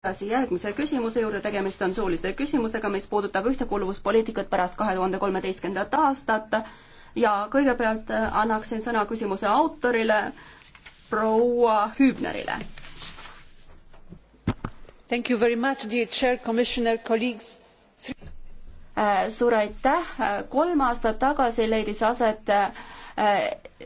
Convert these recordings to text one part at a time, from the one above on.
tagasi järgmise küsimuse juurde, tegemist on suulise küsimusega, mis puudutab ühtekuuluvuspoliitikat pärast kahe tuhande kolmeteistkümnendat aastat ja kõigepealt äh, annaksin sõna küsimuse autorile, proua Hübnerile. Thank you very much, dear chair, commissioner, colleagues. Äh, suur aitäh, kolm aastat tagasi leidis aset äh,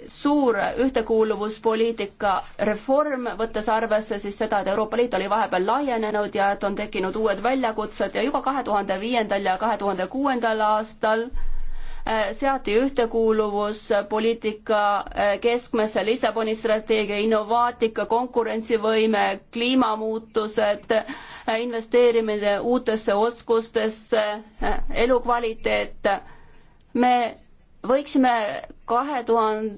suur ühtekuuluvuspoliitika reform, võttes arvesse siis seda, et Euroopa Liit oli vahepeal laienenud ja et on tekkinud uued väljakutsed ja juba kahe tuhande viiendal ja kahe tuhande kuuendal aastal äh, seati ühtekuuluvuspoliitika äh, keskmesse Lissaboni strateegia innovaatika, konkurentsivõime, kliimamuutused, äh, investeerimine uutesse oskustesse, elukvaliteet. me võiksime kahe tuhande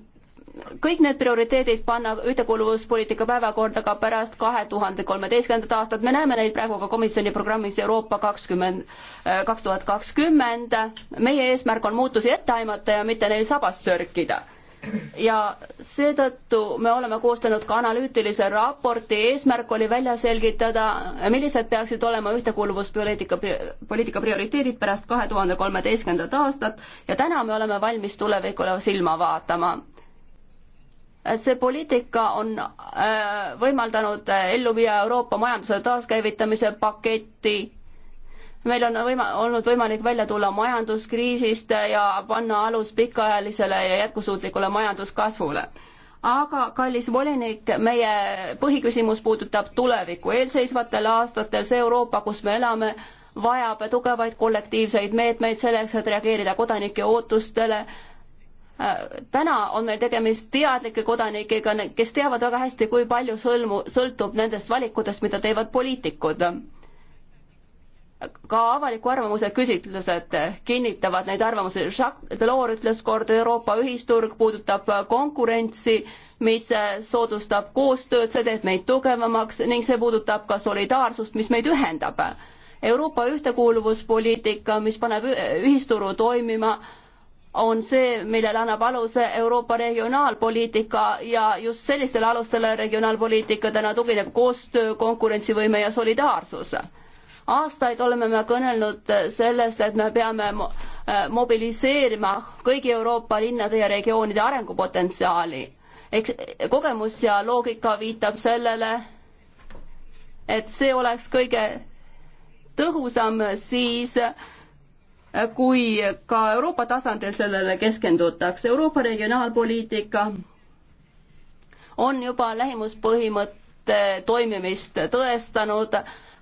kõik need prioriteedid panna ühtekuuluvuspoliitika päevakorda ka pärast kahe tuhande kolmeteistkümnendat aastat, me näeme neid praegu ka komisjoni programmis Euroopa kakskümmend, eh, kaks tuhat kakskümmend. meie eesmärk on muutusi ette aimata ja mitte neil sabas sörkida ja seetõttu me oleme koostanud ka analüütilise raporti, eesmärk oli välja selgitada, millised peaksid olema ühtekuuluvuspoliitika, poliitika prioriteedid pärast kahe tuhande kolmeteistkümnendat aastat ja täna me oleme valmis tulevikule silma vaatama. see poliitika on äh, võimaldanud äh, ellu viia Euroopa majanduse taaskäivitamise paketti meil on võima-, olnud võimalik välja tulla majanduskriisist ja panna alus pikaajalisele ja jätkusuutlikule majanduskasvule. aga, kallis volinik, meie põhiküsimus puudutab tulevikku. eelseisvatel aastatel see Euroopa, kus me elame, vajab tugevaid kollektiivseid meetmeid selleks, et reageerida kodanike ootustele, täna on meil tegemist teadlike kodanikega, kes teavad väga hästi, kui palju sõlmu, sõltub nendest valikutest, mida teevad poliitikud ka avaliku arvamuse küsitlused kinnitavad neid arvamusi. Jacques Delors ütles kord, Euroopa ühisturg puudutab konkurentsi, mis soodustab koostööd, see teeb meid tugevamaks ning see puudutab ka solidaarsust, mis meid ühendab. Euroopa ühtekuuluvuspoliitika, mis paneb ühisturu toimima, on see, millele annab aluse Euroopa regionaalpoliitika ja just sellistele alustele regionaalpoliitika täna tugineb koostöö, konkurentsivõime ja solidaarsus aastaid oleme me kõnelnud sellest, et me peame äh, mobiliseerima kõigi Euroopa linnade ja regioonide arengupotentsiaali. eks kogemus ja loogika viitab sellele, et see oleks kõige tõhusam siis, kui ka Euroopa tasandil sellele keskendutakse. Euroopa regionaalpoliitika on juba lähimuspõhimõtte toimimist tõestanud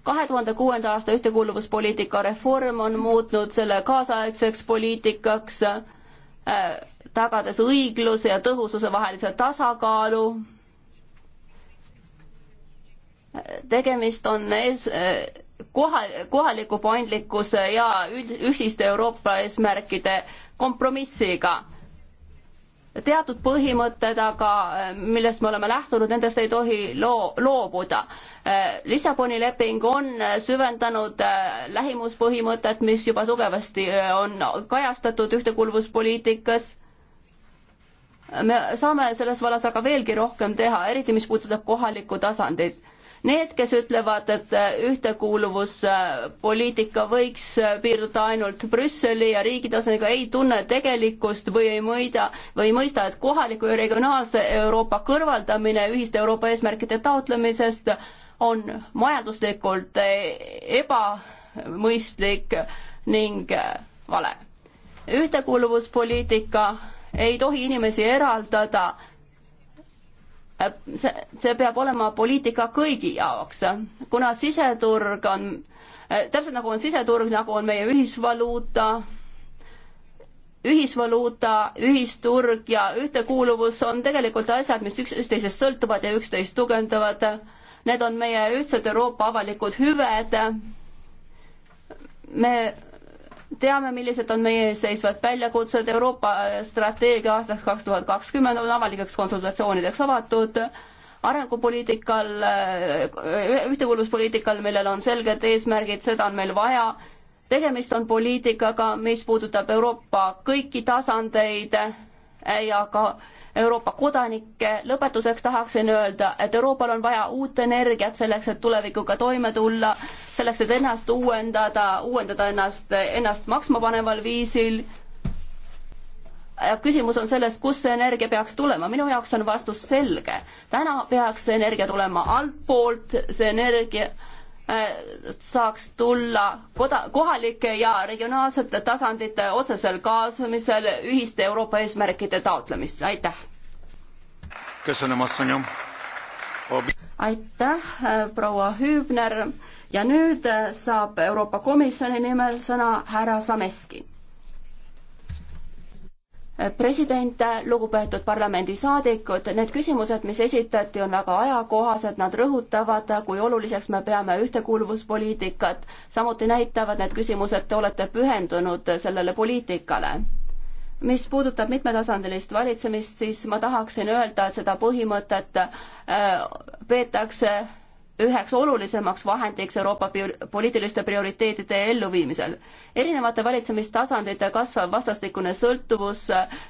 kahe tuhande kuuenda aasta ühtekuuluvuspoliitika reform on muutnud selle kaasaegseks poliitikaks, äh, tagades õigluse ja tõhususe vahelise tasakaalu. tegemist on ees, äh, kohal, kohaliku paindlikkuse ja üld, ühiste Euroopa eesmärkide kompromissiga teatud põhimõtted, aga äh, millest me oleme lähtunud, nendest ei tohi loo-, loobuda. Äh, Lissaboni leping on äh, süvendanud lähimuspõhimõtet, mis juba tugevasti on kajastatud ühtekuuluvuspoliitikas. me saame selles vallas aga veelgi rohkem teha, eriti mis puudutab kohalikku tasandit Need, kes ütlevad, et äh, ühtekuuluvuspoliitika võiks äh, piirduda ainult Brüsseli ja riigi tasemega, ei tunne tegelikkust või ei mõida või ei mõista, et kohaliku ja regionaalse Euroopa kõrvaldamine ühiste Euroopa eesmärkide taotlemisest on majanduslikult äh, ebamõistlik ning vale. ühtekuuluvuspoliitika ei tohi inimesi eraldada see, see peab olema poliitika kõigi jaoks, kuna siseturg on, täpselt nagu on siseturg, nagu on meie ühisvaluuta, ühisvaluuta, ühisturg ja ühtekuuluvus on tegelikult asjad, mis üksteisest sõltuvad ja üksteist tugevdavad. Need on meie ühtsed Euroopa avalikud hüved. me teame, millised on meie ees seisvad väljakutsed, Euroopa äh, strateegia aastaks kaks tuhat kakskümmend on avalikeks konsultatsioonideks avatud, arengupoliitikal, äh, ühtekuuluvuspoliitikal, millel on selged eesmärgid, seda on meil vaja, tegemist on poliitikaga, mis puudutab Euroopa kõiki tasandeid, ja ka Euroopa kodanikke. lõpetuseks tahaksin öelda, et Euroopal on vaja uut energiat selleks, et tulevikuga toime tulla, selleks, et ennast uuendada, uuendada ennast, ennast maksma paneval viisil. küsimus on selles, kust see energia peaks tulema, minu jaoks on vastus selge. täna peaks see energia tulema altpoolt, see energia Äh, saaks tulla koda-, kohalike ja regionaalsete tasandite otsesel kaasamisel ühiste Euroopa eesmärkide taotlemisse, aitäh! aitäh, äh, proua Hüübner ja nüüd äh, saab Euroopa Komisjoni nimel sõna härra Sameski president, lugupeetud parlamendisaadikud, need küsimused, mis esitati, on väga ajakohased, nad rõhutavad, kui oluliseks me peame ühtekuuluvuspoliitikat, samuti näitavad need küsimused, te olete pühendunud sellele poliitikale. mis puudutab mitmetasandilist valitsemist, siis ma tahaksin öelda, et seda põhimõtet äh, peetakse üheks olulisemaks vahendiks Euroopa poliitiliste prioriteetide elluviimisel. erinevate valitsemistasandite kasvav vastastikune sõltuvus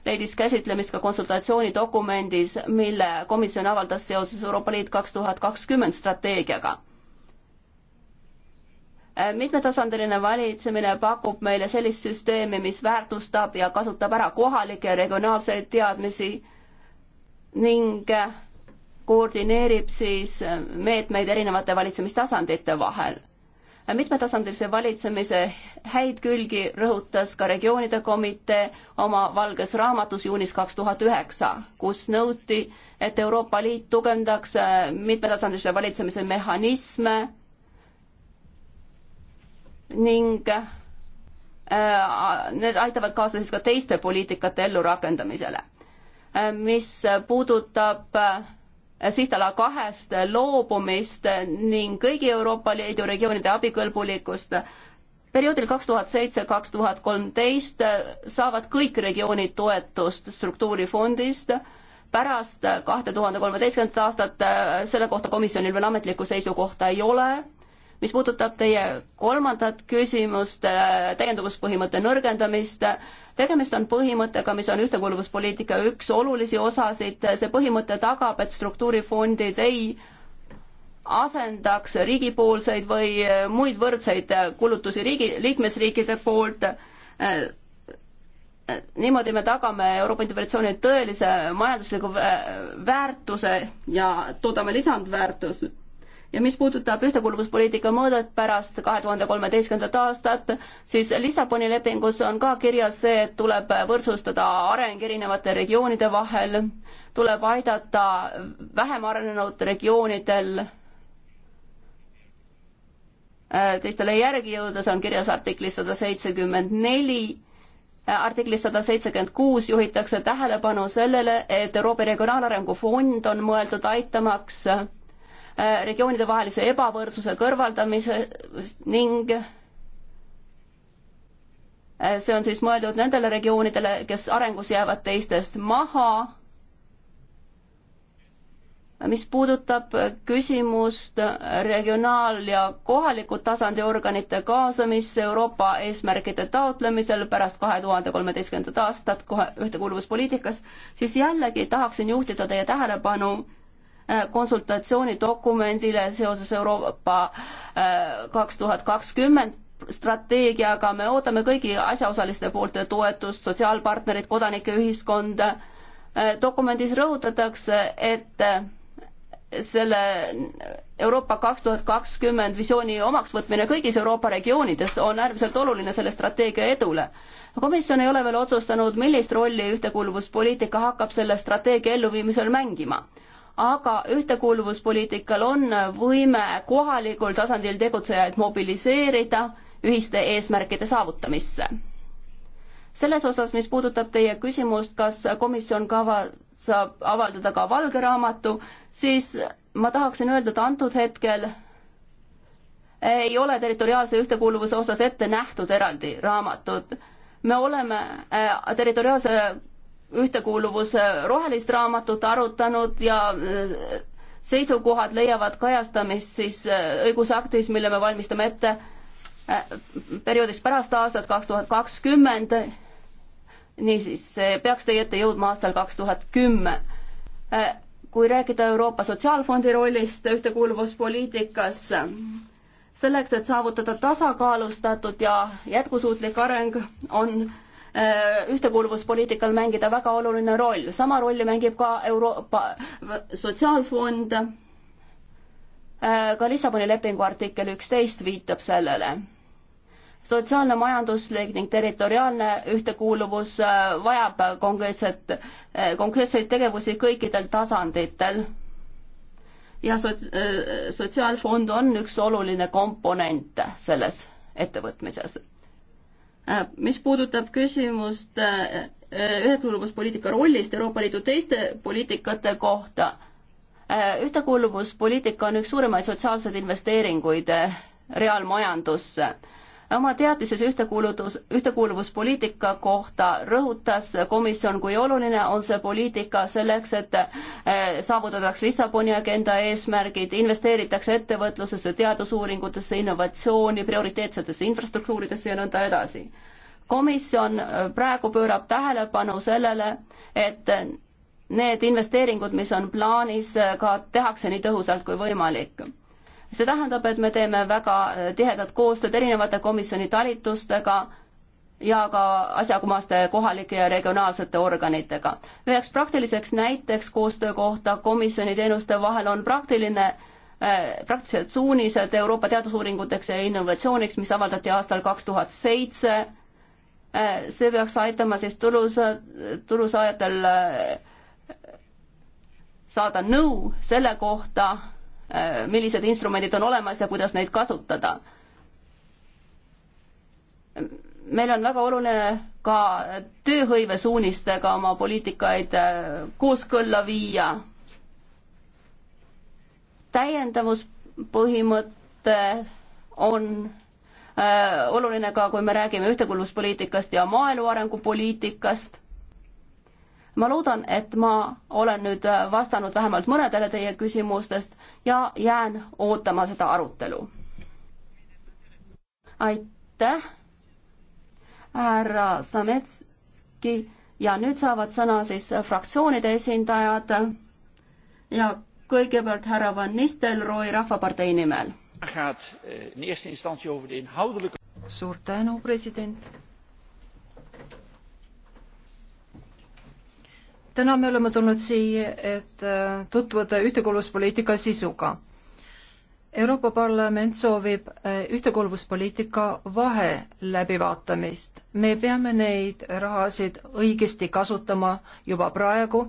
leidis käsitlemist ka konsultatsioonidokumendis, mille komisjon avaldas seoses Euroopa Liit kaks tuhat kakskümmend strateegiaga. mitmetasandiline valitsemine pakub meile sellist süsteemi, mis väärtustab ja kasutab ära kohalikke ja regionaalseid teadmisi ning koordineerib siis meetmeid erinevate valitsemistasandite vahel. mitmetasandilise valitsemise häid külgi rõhutas ka regioonide komitee oma valges raamatus juunis kaks tuhat üheksa, kus nõuti, et Euroopa Liit tugevdaks mitmetasandilise valitsemise mehhanisme ning äh, need aitavad kaasa siis ka teiste poliitikate ellurakendamisele. Äh, mis puudutab äh, sihtala kahest loobumist ning kõigi Euroopa Liidu regioonide abikõlbulikkust. perioodil kaks tuhat seitse, kaks tuhat kolmteist saavad kõik regioonid toetust struktuurifondist, pärast kahte tuhande kolmeteistkümnendat aastat selle kohta komisjonil veel ametlikku seisukohta ei ole mis puudutab teie kolmandat küsimust, äh, täiendavuspõhimõtte nõrgendamist, tegemist on põhimõttega, mis on ühtekuuluvuspoliitika üks olulisi osasid, see põhimõte tagab, et struktuurifondid ei asendaks riigipoolseid või muid võrdseid kulutusi riigi, liikmesriikide poolt. Äh, niimoodi me tagame Euroopa integratsiooni tõelise majandusliku väärtuse ja toodame lisandväärtust ja mis puudutab ühtekuuluvuspoliitika mõõdet pärast kahe tuhande kolmeteistkümnendat aastat, siis Lissaboni lepingus on ka kirjas see, et tuleb võrdsustada areng erinevate regioonide vahel, tuleb aidata vähem arenenud regioonidel äh, teistele järgi jõuda, see on kirjas artiklis sada seitsekümmend neli äh, artiklis sada seitsekümmend kuus juhitakse tähelepanu sellele, et Euroopa Regionaalarengu Fond on mõeldud aitamaks Äh, regioonide vahelise ebavõrdsuse kõrvaldamise ning äh, see on siis mõeldud nendele regioonidele, kes arengus jäävad teistest maha. mis puudutab küsimust regionaal- ja kohaliku tasandi organite kaasamisse Euroopa eesmärkide taotlemisel pärast kahe tuhande kolmeteistkümnendat aastat kohe ühtekuuluvuspoliitikas, siis jällegi tahaksin juhtida teie tähelepanu Äh, konsultatsioonidokumendile seoses Euroopa äh, kaks tuhat kakskümmend strateegiaga, me ootame kõigi asjaosaliste poolt toetust, sotsiaalpartnerid, kodanike ühiskond. Äh, dokumendis rõhutatakse, et selle Euroopa kaks tuhat kakskümmend visiooni omaksvõtmine kõigis Euroopa regioonides on äärmiselt oluline selle strateegia edule. komisjon ei ole veel otsustanud, millist rolli ühtekuuluvuspoliitika hakkab selle strateegia elluviimisel mängima aga ühtekuuluvuspoliitikal on võime kohalikul tasandil tegutsejaid mobiliseerida ühiste eesmärkide saavutamisse. selles osas, mis puudutab teie küsimust, kas komisjon kava saab avaldada ka valge raamatu, siis ma tahaksin öelda, et antud hetkel ei ole territoriaalse ühtekuuluvuse osas ette nähtud eraldi raamatut. me oleme äh, territoriaalse ühtekuuluvuse rohelist raamatut arutanud ja äh, seisukohad leiavad kajastamist siis äh, õigusaktis, mille me valmistame ette äh, perioodiks pärast aastat kaks tuhat kakskümmend. niisiis, see peaks teie ette jõudma aastal kaks tuhat kümme. kui rääkida Euroopa Sotsiaalfondi rollist ühtekuuluvuspoliitikas, selleks, et saavutada tasakaalustatud ja jätkusuutlik areng, on Äh, ühtekuuluvuspoliitikal mängida väga oluline roll. sama rolli mängib ka Euroopa Sotsiaalfond. Äh, ka Lissaboni lepingu artikkel üksteist viitab sellele sotsiaalne, majanduslik ning territoriaalne ühtekuuluvus äh, vajab konkreetset, konkreetseid tegevusi kõikidel tasanditel. ja sots-, sotsiaalfond on üks oluline komponent selles ettevõtmises Äh, mis puudutab küsimust äh, äh, ühtekuuluvuspoliitika rollist Euroopa Liidu teiste poliitikate kohta, ühtekuuluvuspoliitika on üks suuremaid sotsiaalseid investeeringuid reaalmajandusse oma teatises ühtekuuluvus, ühtekuuluvuspoliitika kohta rõhutas komisjon, kui oluline on see poliitika selleks, et eh, saavutataks Lissaboni agenda eesmärgid, investeeritakse ettevõtlusesse, teadusuuringutesse, innovatsiooni, prioriteetsetesse infrastruktuuridesse ja nõnda edasi. komisjon eh, praegu pöörab tähelepanu sellele, et need investeeringud, mis on plaanis, eh, ka tehakse nii tõhusalt kui võimalik see tähendab, et me teeme väga äh, tihedat koostööd erinevate komisjoni talitustega ja ka asjakohaste kohalike ja regionaalsete organitega. üheks praktiliseks näiteks koostöö kohta komisjoni teenuste vahel on praktiline äh, praktilised suunised Euroopa teadusuuringuteks ja innovatsiooniks, mis avaldati aastal kaks tuhat seitse. Äh, see peaks aitama siis tulus, tulusaajatel saada nõu selle kohta, Äh, millised instrumendid on olemas ja kuidas neid kasutada. meil on väga oluline ka tööhõivesuunistega oma poliitikaid äh, kooskõlla viia. täiendavuspõhimõte on äh, oluline ka, kui me räägime ühtekuuluvuspoliitikast ja maaelu arengupoliitikast ma loodan, et ma olen nüüd vastanud vähemalt mõnedele teie küsimustest ja jään ootama seda arutelu. aitäh, härra Sametski ja nüüd saavad sõna siis fraktsioonide esindajad ja kõigepealt härra Van Nistelrooy Rahvapartei nimel. suur tänu, president täna me oleme tulnud siia, et äh, tutvuda ühtekuuluvuspoliitika sisuga. Euroopa Parlament soovib äh, ühtekuuluvuspoliitika vahe läbivaatamist. me peame neid rahasid õigesti kasutama juba praegu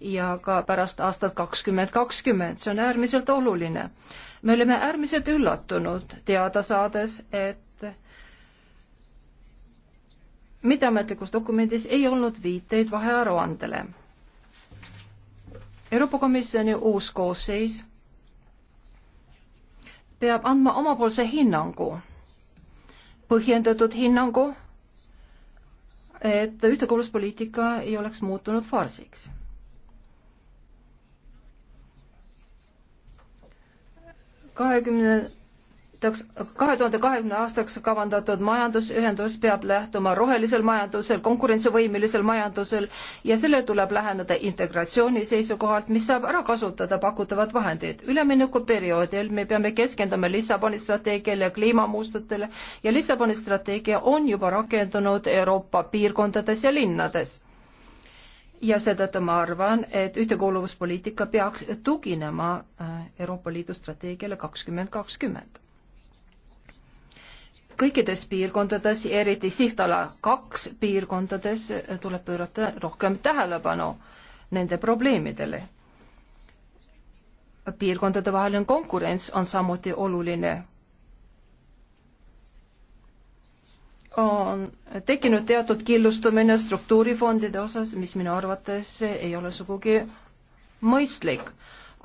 ja ka pärast aastat kakskümmend kakskümmend, see on äärmiselt oluline. me olime äärmiselt üllatunud teada saades, et mitteametlikus dokumendis ei olnud viiteid vahearuandele Euroopa Komisjoni uus koosseis peab andma omapoolse hinnangu, põhjendatud hinnangu, et ühtekuuluvuspoliitika ei oleks muutunud farsiks. kahekümne aastaks, kahe tuhande kahekümne aastaks kavandatud majandusühendus peab lähtuma rohelisel majandusel, konkurentsivõimelisel majandusel ja sellele tuleb läheneda integratsiooni seisukohalt, mis saab ära kasutada pakutavad vahendid. üleminekuperioodil me peame keskenduma Lissaboni strateegiale ja kliimamuustutele ja Lissaboni strateegia on juba rakendunud Euroopa piirkondades ja linnades ja seetõttu ma arvan, et ühtekuuluvuspoliitika peaks tuginema äh, Euroopa Liidu strateegiale kakskümmend kakskümmend kõikides piirkondades ja eriti sihtala kaks piirkondades tuleb pöörata rohkem tähelepanu nende probleemidele. piirkondade vaheline konkurents on samuti oluline. on tekkinud teatud killustumine struktuurifondide osas, mis minu arvates ei ole sugugi mõistlik,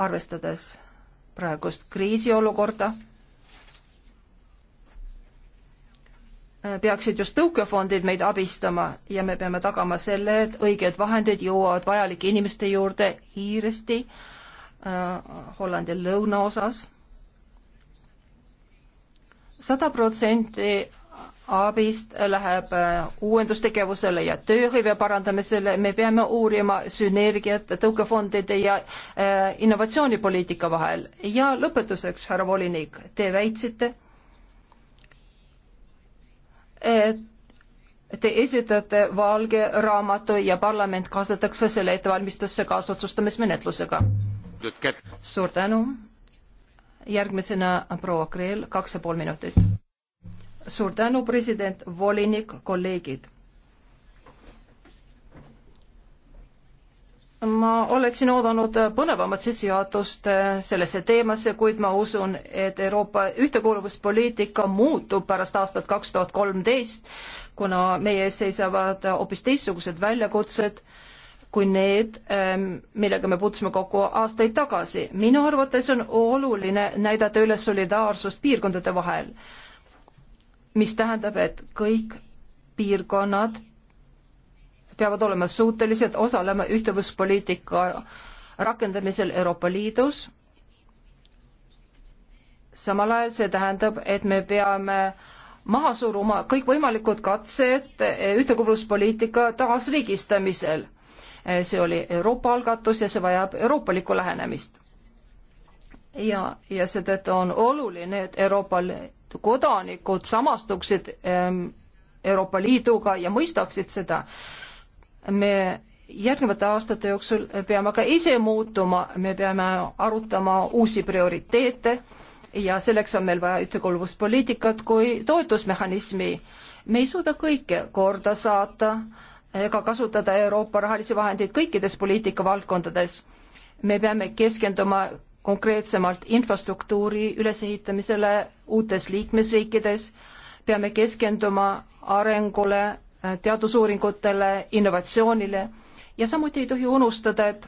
arvestades praegust kriisiolukorda Äh, peaksid just tõukefondid meid abistama ja me peame tagama selle, et õiged vahendid jõuavad vajalike inimeste juurde kiiresti äh, Hollandi lõunaosas. sada protsenti abist läheb äh, uuendustegevusele ja tööhõive parandamisele, me peame uurima sünergiat tõukefondide ja äh, innovatsioonipoliitika vahel. ja lõpetuseks, härra volinik, te väitsite et Te esitate valge raamatu ja parlament kaasatakse selle ettevalmistusse kaasotsustamismenetlusega. suur tänu. järgmisena proua Kreel, kaks ja pool minutit. suur tänu, president, volinik, kolleegid ma oleksin oodanud põnevamat sissejuhatust sellesse teemasse, kuid ma usun, et Euroopa ühtekuuluvuspoliitika muutub pärast aastat kaks tuhat kolmteist, kuna meie ees seisavad hoopis teistsugused väljakutsed kui need, ähm, millega me puutusime kokku aastaid tagasi. minu arvates on oluline näidata üles solidaarsust piirkondade vahel, mis tähendab, et kõik piirkonnad peavad olema suutelised osalema ühtevuspoliitika rakendamisel Euroopa Liidus. samal ajal see tähendab, et me peame maha suruma kõikvõimalikud katsed ühtekuuluvuspoliitika taasriigistamisel. see oli Euroopa algatus ja see vajab euroopalikku lähenemist. ja, ja seetõttu on oluline, et Euroopa kodanikud samastuksid ehm, Euroopa Liiduga ja mõistaksid seda me järgnevate aastate jooksul peame ka ise muutuma, me peame arutama uusi prioriteete ja selleks on meil vaja ühtekuuluvuspoliitikat kui toetusmehhanismi. me ei suuda kõike korda saata ega kasutada Euroopa rahalisi vahendeid kõikides poliitikavaldkondades. me peame keskenduma konkreetsemalt infrastruktuuri ülesehitamisele uutes liikmesriikides, peame keskenduma arengule teadusuuringutele, innovatsioonile ja samuti ei tohi unustada, et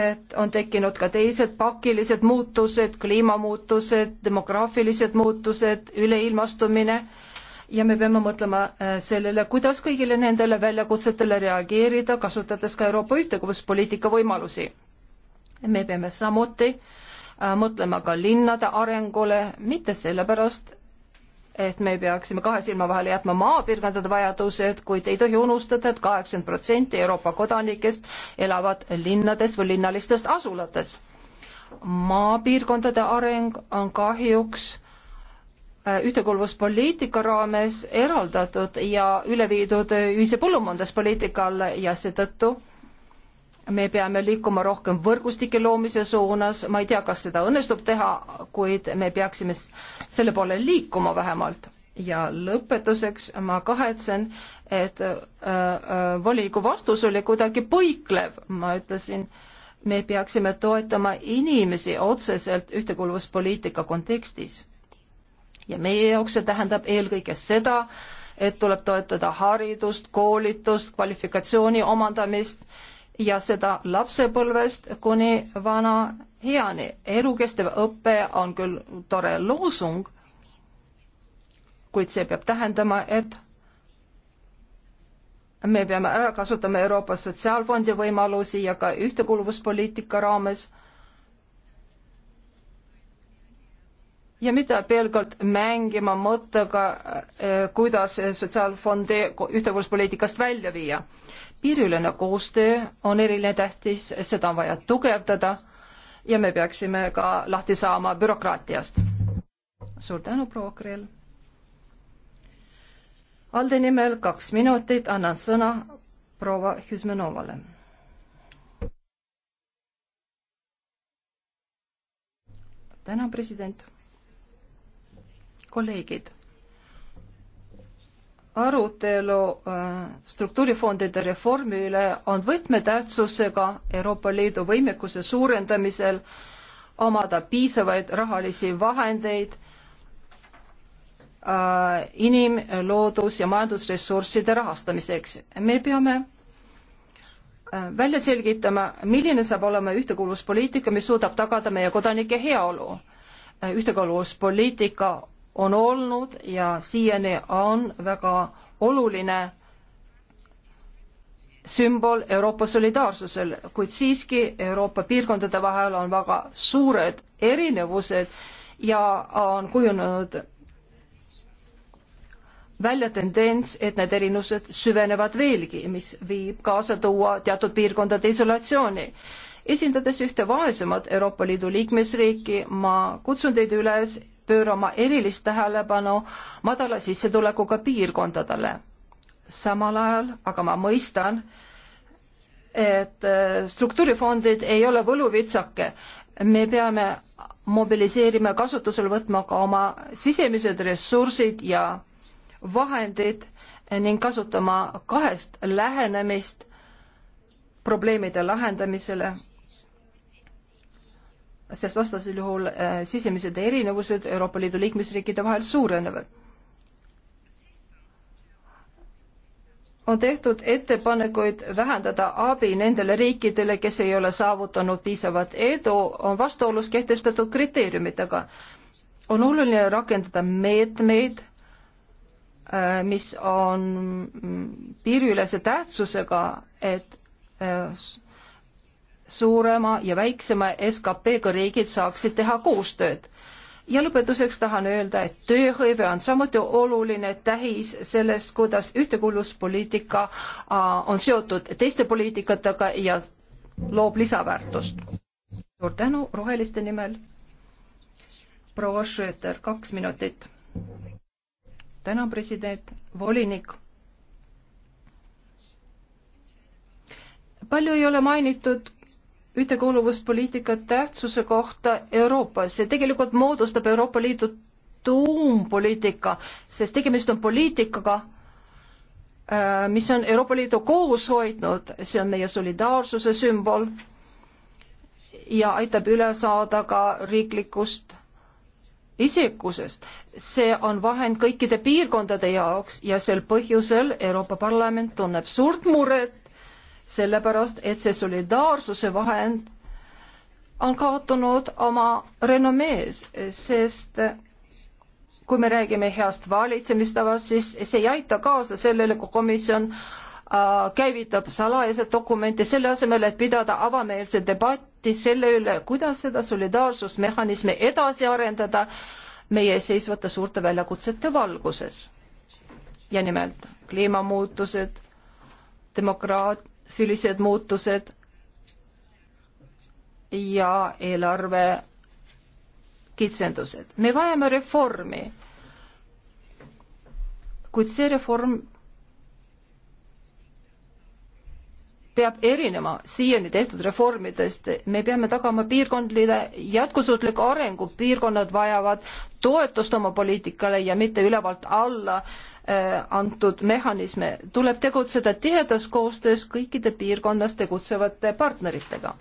et on tekkinud ka teised pakilised muutused, kliimamuutused, demograafilised muutused, üleilmastumine ja me peame mõtlema äh, sellele, kuidas kõigile nendele väljakutsetele reageerida, kasutades ka Euroopa ühtekuuluvuspoliitika võimalusi. me peame samuti äh, mõtlema ka linnade arengule, mitte sellepärast, et me peaksime kahe silma vahele jätma maapiirkondade vajadused, kuid ei tohi unustada et, et kaheksakümmend protsenti Euroopa kodanikest elavad linnades või linnalistes asulates. maapiirkondade areng on kahjuks äh, ühtekuuluvuspoliitika raames eraldatud ja üle viidud ühise põllumajanduspoliitikale ja seetõttu me peame liikuma rohkem võrgustike loomise suunas, ma ei tea, kas seda õnnestub teha, kuid me peaksime selle poole liikuma vähemalt. ja lõpetuseks ma kahetsen, et äh, äh, voliniku vastus oli kuidagi põiklev, ma ütlesin, me peaksime toetama inimesi otseselt ühtekuuluvuspoliitika kontekstis. ja meie jaoks see tähendab eelkõige seda, et tuleb toetada haridust, koolitust, kvalifikatsiooni omandamist äh, ja seda lapsepõlvest kuni vana heani. elukestev õpe on küll tore loosung, kuid see peab tähendama, et me peame ära kasutama Euroopa Sotsiaalfondi võimalusi ja ka ühtekuuluvuspoliitika raames. ja mitte pelgalt mängima mõttega, eh, kuidas Sotsiaalfondi ühtekuuluvuspoliitikast välja viia piiriülene koostöö on eriline tähtis, seda on vaja tugevdada ja me peaksime ka lahti saama bürokraatiast. suur tänu, proua Kreel. Alde nimel kaks minutit annan sõna proua Hüsmenovale. tänan, president. kolleegid arutelu äh, struktuurifondide reformi üle on võtmetähtsusega Euroopa Liidu võimekuse suurendamisel omada piisavaid rahalisi vahendeid äh, inim-, loodus- ja majandusressursside rahastamiseks. me peame äh, välja selgitama, milline saab olema ühtekuuluvuspoliitika, mis suudab tagada meie kodanike heaolu. ühtekuuluvuspoliitika on olnud ja siiani on väga oluline sümbol Euroopa solidaarsusel, kuid siiski Euroopa piirkondade vahel on väga suured erinevused ja on kujunenud välja tendents, et need erinevused süvenevad veelgi, mis viib kaasa tuua teatud piirkondade isolatsiooni. esindades ühte vaesemat Euroopa Liidu liikmesriiki, ma kutsun teid üles pöörama erilist tähelepanu madala sissetulekuga piirkondadele. samal ajal aga ma mõistan, et äh, struktuurifondid ei ole võluvitsake. me peame mobiliseerima ja kasutusele võtma ka oma sisemised ressursid ja vahendid ning kasutama kahest lähenemist probleemide lahendamisele sest vastasel juhul äh, sisemised erinevused Euroopa Liidu liikmesriikide vahel suurenevad. on tehtud ettepanekuid vähendada abi nendele riikidele, kes ei ole saavutanud piisavat edu, on vastuolus kehtestatud kriteeriumitega. on oluline rakendada meetmeid, äh, mis on piiriülese tähtsusega, et äh, suurema ja väiksema SKP-ga riigid saaksid teha koostööd. ja lõpetuseks tahan öelda, et tööhõive on samuti oluline tähis sellest, kuidas ühtekuuluvuspoliitika äh, on seotud teiste poliitikatega ja loob lisaväärtust. suur tänu roheliste nimel. proua Schröter, kaks minutit. tänan, president, volinik palju ei ole mainitud ühtekuuluvuspoliitika tähtsuse kohta Euroopas. see tegelikult moodustab Euroopa Liidu tuumpoliitika, sest tegemist on poliitikaga, äh, mis on Euroopa Liidu koos hoidnud, see on meie solidaarsuse sümbol ja aitab üle saada ka riiklikust isikusest. see on vahend kõikide piirkondade jaoks ja sel põhjusel Euroopa Parlament tunneb suurt muret sellepärast et see solidaarsuse vahend on kaotanud oma renomees, sest kui me räägime heast valitsemistavast, siis see ei aita kaasa sellele, kui komisjon äh, käivitab salajased dokumenti selle asemel, et pidada avameelse debatti selle üle, kuidas seda solidaarsusmehhanismi edasi arendada meie seisvate suurte väljakutsete valguses. ja nimelt kliimamuutused, demokraat-, demograafilised muutused ja eelarve kitsendused. me vajame reformi, kuid see reform peab erinema siiani tehtud reformidest. me peame tagama piirkondade jätkusuutliku arengu, piirkonnad vajavad toetust oma poliitikale ja mitte ülevalt alla äh, antud mehhanisme. tuleb tegutseda tihedas koostöös kõikide piirkonnas tegutsevate partneritega.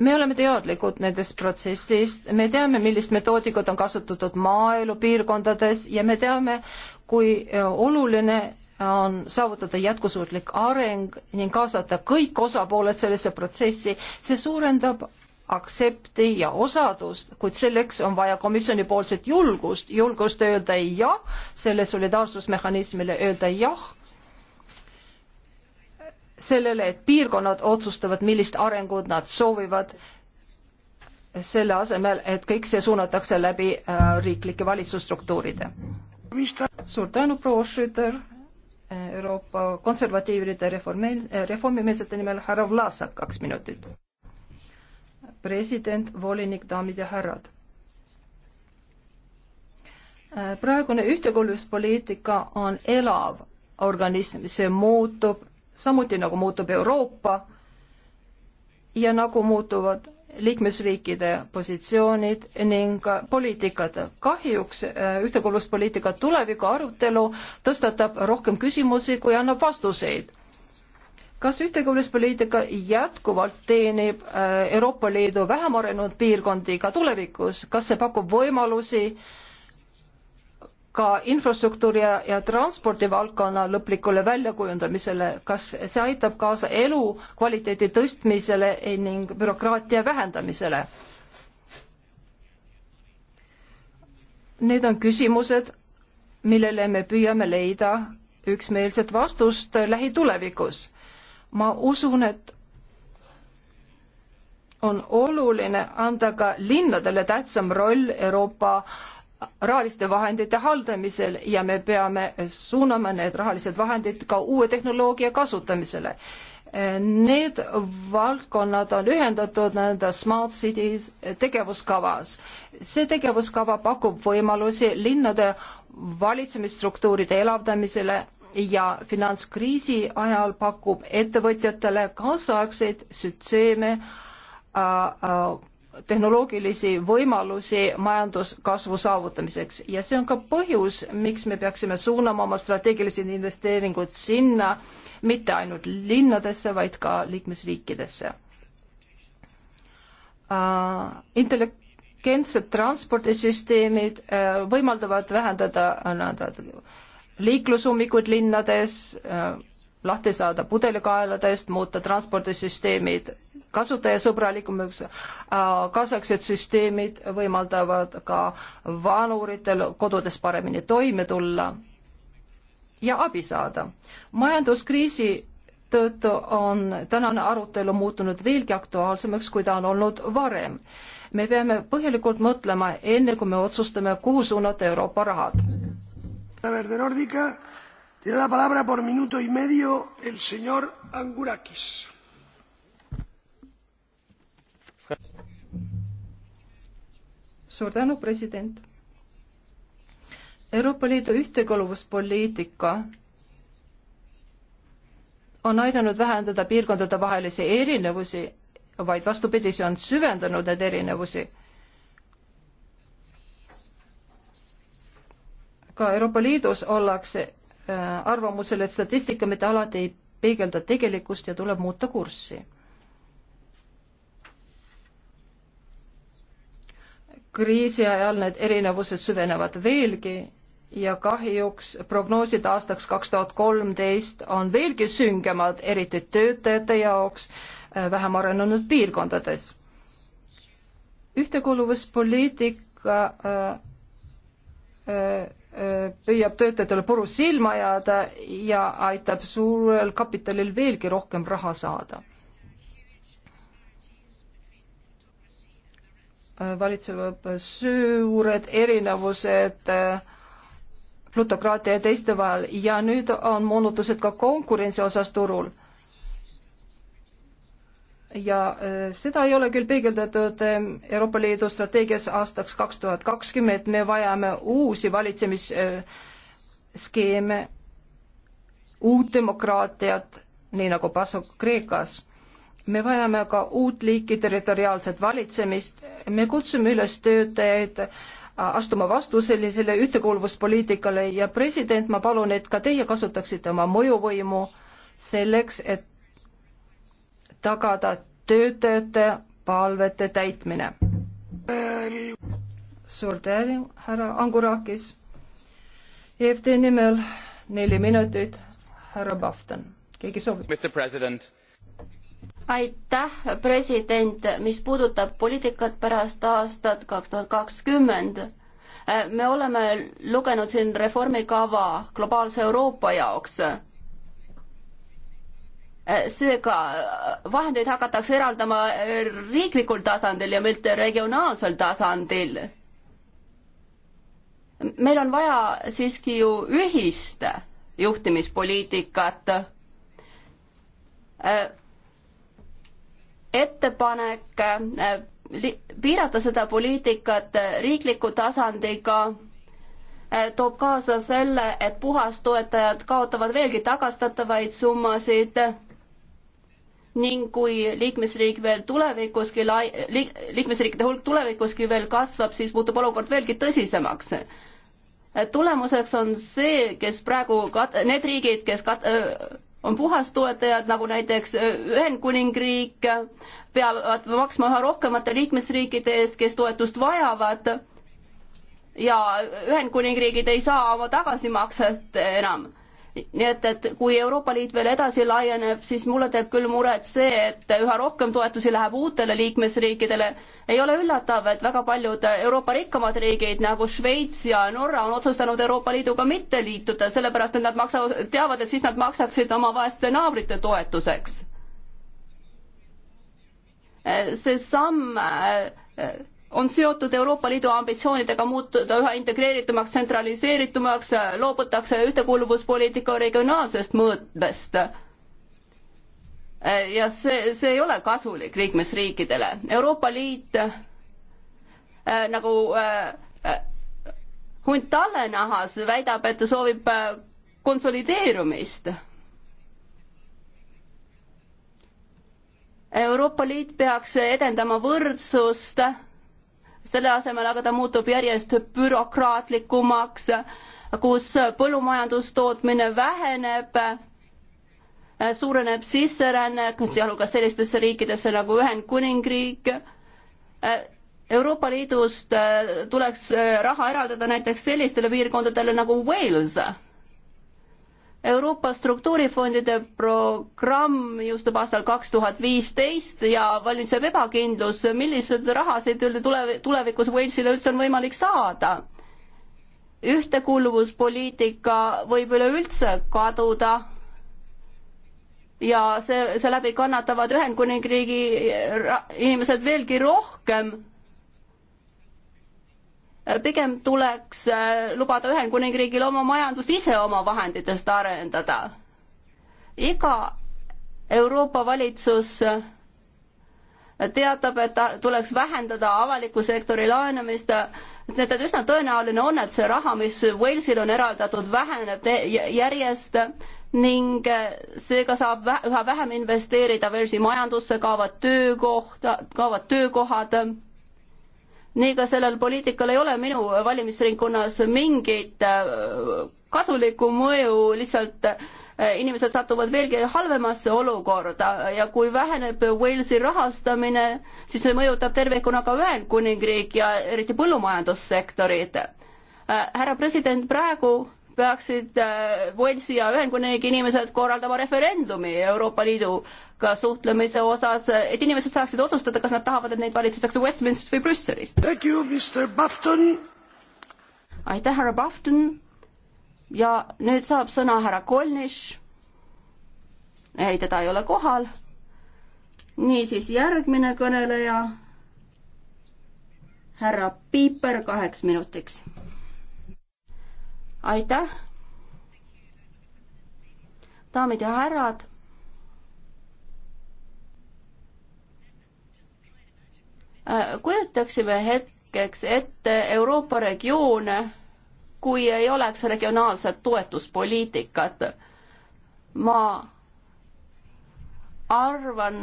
me oleme teadlikud nendest protsessist, me teame, millist metoodikat on kasutatud maaelu piirkondades ja me teame, kui äh, oluline on saavutada jätkusuutlik areng ning kaasata kõik osapooled sellesse protsessi, see suurendab aktsepti ja osadust, kuid selleks on vaja komisjonipoolset julgust, julgust öelda jah, selle solidaarsusmehhanismile öelda jah, sellele, et piirkonnad otsustavad, millist arengut nad soovivad, selle asemel, et kõik see suunatakse läbi äh, riiklike valitsusstruktuuride. suur tänu, proua Schröder Euroopa konservatiivide reformi, reformimeelsete nimel härra Vlasak, kaks minutit. president, volinik, daamid ja härrad. praegune ühtekuuluvuspoliitika on elav organism, see muutub, samuti nagu muutub Euroopa ja nagu muutuvad liikmesriikide positsioonid ning poliitikad. kahjuks äh, ühtekuuluvuspoliitika tuleviku arutelu tõstatab rohkem küsimusi, kui annab vastuseid kas ühtekuuluvuspoliitika jätkuvalt teenib äh, Euroopa Liidu vähem arenenud piirkondi ka tulevikus, kas see pakub võimalusi äh, ka infrastruktuuri ja, ja transpordivaldkonna lõplikule väljakujundamisele, kas see aitab kaasa elukvaliteedi tõstmisele ning bürokraatia vähendamisele? Need on küsimused, millele me püüame leida üksmeelset vastust lähitulevikus. ma usun, et on oluline anda ka linnadele tähtsam roll Euroopa äh, rahaliste vahendite haldamisel ja me peame suunama need rahalised vahendid ka uue tehnoloogia kasutamisele. Need valdkonnad on ühendatud nõnda Smart Cities tegevuskavas. see tegevuskava pakub võimalusi linnade valitsemisstruktuuride elavdamisele ja finantskriisi ajal pakub ettevõtjatele kaasaegseid süsteeme äh, äh, tehnoloogilisi võimalusi majanduskasvu saavutamiseks ja see on ka põhjus, miks me peaksime suunama oma strateegilised investeeringud sinna, mitte ainult linnadesse, vaid ka liikmesriikidesse uh,. intelligentsed transpordisüsteemid uh, võimaldavad vähendada uh, liiklusummikud linnades uh,, lahti saada pudelikaeladest, muuta transpordisüsteemid kasutajasõbralikumaks, äh, kaasaegsed süsteemid võimaldavad ka vanuritel kodudes paremini toime tulla ja abi saada. majanduskriisi tõttu on tänane arutelu muutunud veelgi aktuaalsemaks, kui ta on olnud varem. me peame põhjalikult mõtlema, enne kui me otsustame, kuhu suunata Euroopa rahad suur tänu, president. Euroopa Liidu ühtekuuluvuspoliitika on aidanud vähendada piirkondade vahelisi erinevusi, vaid vastupidi, see on süvendanud neid erinevusi ka Euroopa Liidus ollakse Äh, arvamusele, et statistika mitte alati ei peegelda tegelikkust ja tuleb muuta kurssi. kriisi ajal need erinevused süvenevad veelgi ja kahjuks prognoosid aastaks kaks tuhat kolmteist on veelgi süngemad, eriti töötajate jaoks äh, vähem arenenud piirkondades. ühtekuuluvuspoliitika äh, äh, püüab töötajatele puru silma jääda ja aitab suurel kapitalil veelgi rohkem raha saada. valitsevad suured erinevused plutokraatia ja teiste vahel ja nüüd on moonutused ka konkurentsi osas turul ja äh, seda ei ole küll peegeldatud ähm, Euroopa Liidu strateegias aastaks kaks tuhat kakskümmend, me vajame uusi valitsemisskeeme, äh, uut demokraatiat, nii nagu Paso Kreekas. me vajame ka uut liiki territoriaalset valitsemist, me kutsume üles töötajaid äh, astuma vastu sellisele ühtekuuluvuspoliitikale ja president, ma palun, et ka teie kasutaksite oma mõjuvõimu selleks, et tagada töötajate palvete täitmine. suur tänu, härra Angurakis. EFT nimel neli minutit, härra Bafton, keegi soovib? aitäh, president, mis puudutab poliitikat pärast aastat kaks tuhat kakskümmend, me oleme lugenud siin reformikava globaalse Euroopa jaoks Äh, seega äh, vahendeid hakatakse eraldama äh, riiklikul tasandil ja mitte regionaalsel tasandil. meil on vaja siiski ju ühist juhtimispoliitikat. ettepanek piirata seda poliitikat riikliku tasandiga toob kaasa selle, et puhastoetajad kaotavad veelgi tagastatavaid summasid ning kui liikmesriik veel tulevikuski lai-, liikmesriikide hulk tulevikuski veel kasvab, siis muutub olukord veelgi tõsisemaks. tulemuseks on see, kes praegu kat-, need riigid, kes kat-, on puhastoetajad, nagu näiteks Ühendkuningriik, peavad maksma üha rohkemate liikmesriikide eest, kes toetust vajavad ja Ühendkuningriigid ei saa oma tagasimaksest enam nii et, et kui Euroopa Liit veel edasi laieneb, siis mulle teeb küll muret see, et üha rohkem toetusi läheb uutele liikmesriikidele. ei ole üllatav, et väga paljud Euroopa rikkamad riigid nagu Šveits ja Norra on otsustanud Euroopa Liiduga mitte liituda, sellepärast et nad maksavad, teavad, et siis nad maksaksid oma vaeste naabrite toetuseks. see samm äh, äh, on seotud Euroopa Liidu ambitsioonidega muutuda üha integreeritumaks, tsentraliseeritumaks, loobutakse ühtekuuluvuspoliitika regionaalsest mõõtmest. ja see, see ei ole kasulik liikmesriikidele. Euroopa Liit äh, nagu äh, äh hunt tallenahas väidab, et ta soovib äh, konsolideerumist Euroopa Liit peaks edendama võrdsust selle asemel aga ta muutub järjest bürokraatlikumaks, kus põllumajandustootmine väheneb, suureneb sisseränne, sealhulgas sellistesse riikidesse nagu Ühendkuningriik. Euroopa Liidust tuleks raha eraldada näiteks sellistele piirkondadele nagu Wales Euroopa struktuurifondide programm jõustub aastal kaks tuhat viisteist ja valitseb ebakindlus, millised rahasid üle tule, tulevikus Walesile üldse on võimalik saada. ühtekuuluvuspoliitika võib üleüldse kaduda ja see, seeläbi kannatavad Ühendkuningriigi inimesed veelgi rohkem Äh, pigem tuleks äh, lubada Ühendkuningriigil oma majandust ise oma vahenditest arendada. iga Euroopa valitsus äh, teatab, et tuleks vähendada avaliku sektori laenamist, et üsna tõenäoline on, et see raha, mis Walesil on eraldatud, väheneb järjest ning seega saab üha vähem investeerida Walesi majandusse, kaovad töökohta, kaovad töökohad nii ka sellel poliitikal ei ole minu valimisringkonnas mingit äh, kasulikku mõju, lihtsalt äh, inimesed satuvad veelgi halvemasse olukorda ja kui väheneb Walesi rahastamine, siis see mõjutab tervikuna ka Ühendkuningriik ja eriti põllumajandussektorid. Äh, härra president, praegu peaksid Walesi ja Ühendkuningriigi inimesed korraldama referendumi Euroopa Liidu Ameerika suhtlemise osas, et inimesed saaksid otsustada, kas nad tahavad, et neid valitsetakse Westminsterist või Brüsselist. aitäh, härra Bufton ja nüüd saab sõna härra Kolnish. ei, teda ei ole kohal. niisiis, järgmine kõneleja, härra Piiper kaheks minutiks. aitäh daamid ja härrad, kujutaksime hetkeks ette Euroopa regioone, kui ei oleks regionaalset toetuspoliitikat. ma arvan,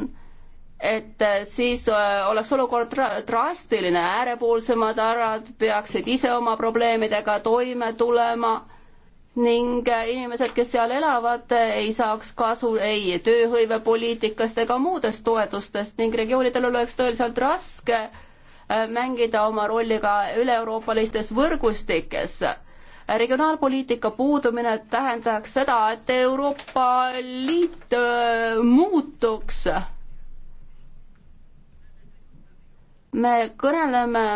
et siis äh, oleks olukord drastiline, äärepoolsemad arvad peaksid ise oma probleemidega toime tulema ning inimesed, kes seal elavad, ei saaks kasu ei tööhõivepoliitikast ega muudest toetustest ning regioonidel oleks tõeliselt raske äh, mängida oma rolli ka üle-euroopalistes võrgustikes regionaalpoliitika puudumine tähendaks seda, et Euroopa Liit äh, muutuks. me kõneleme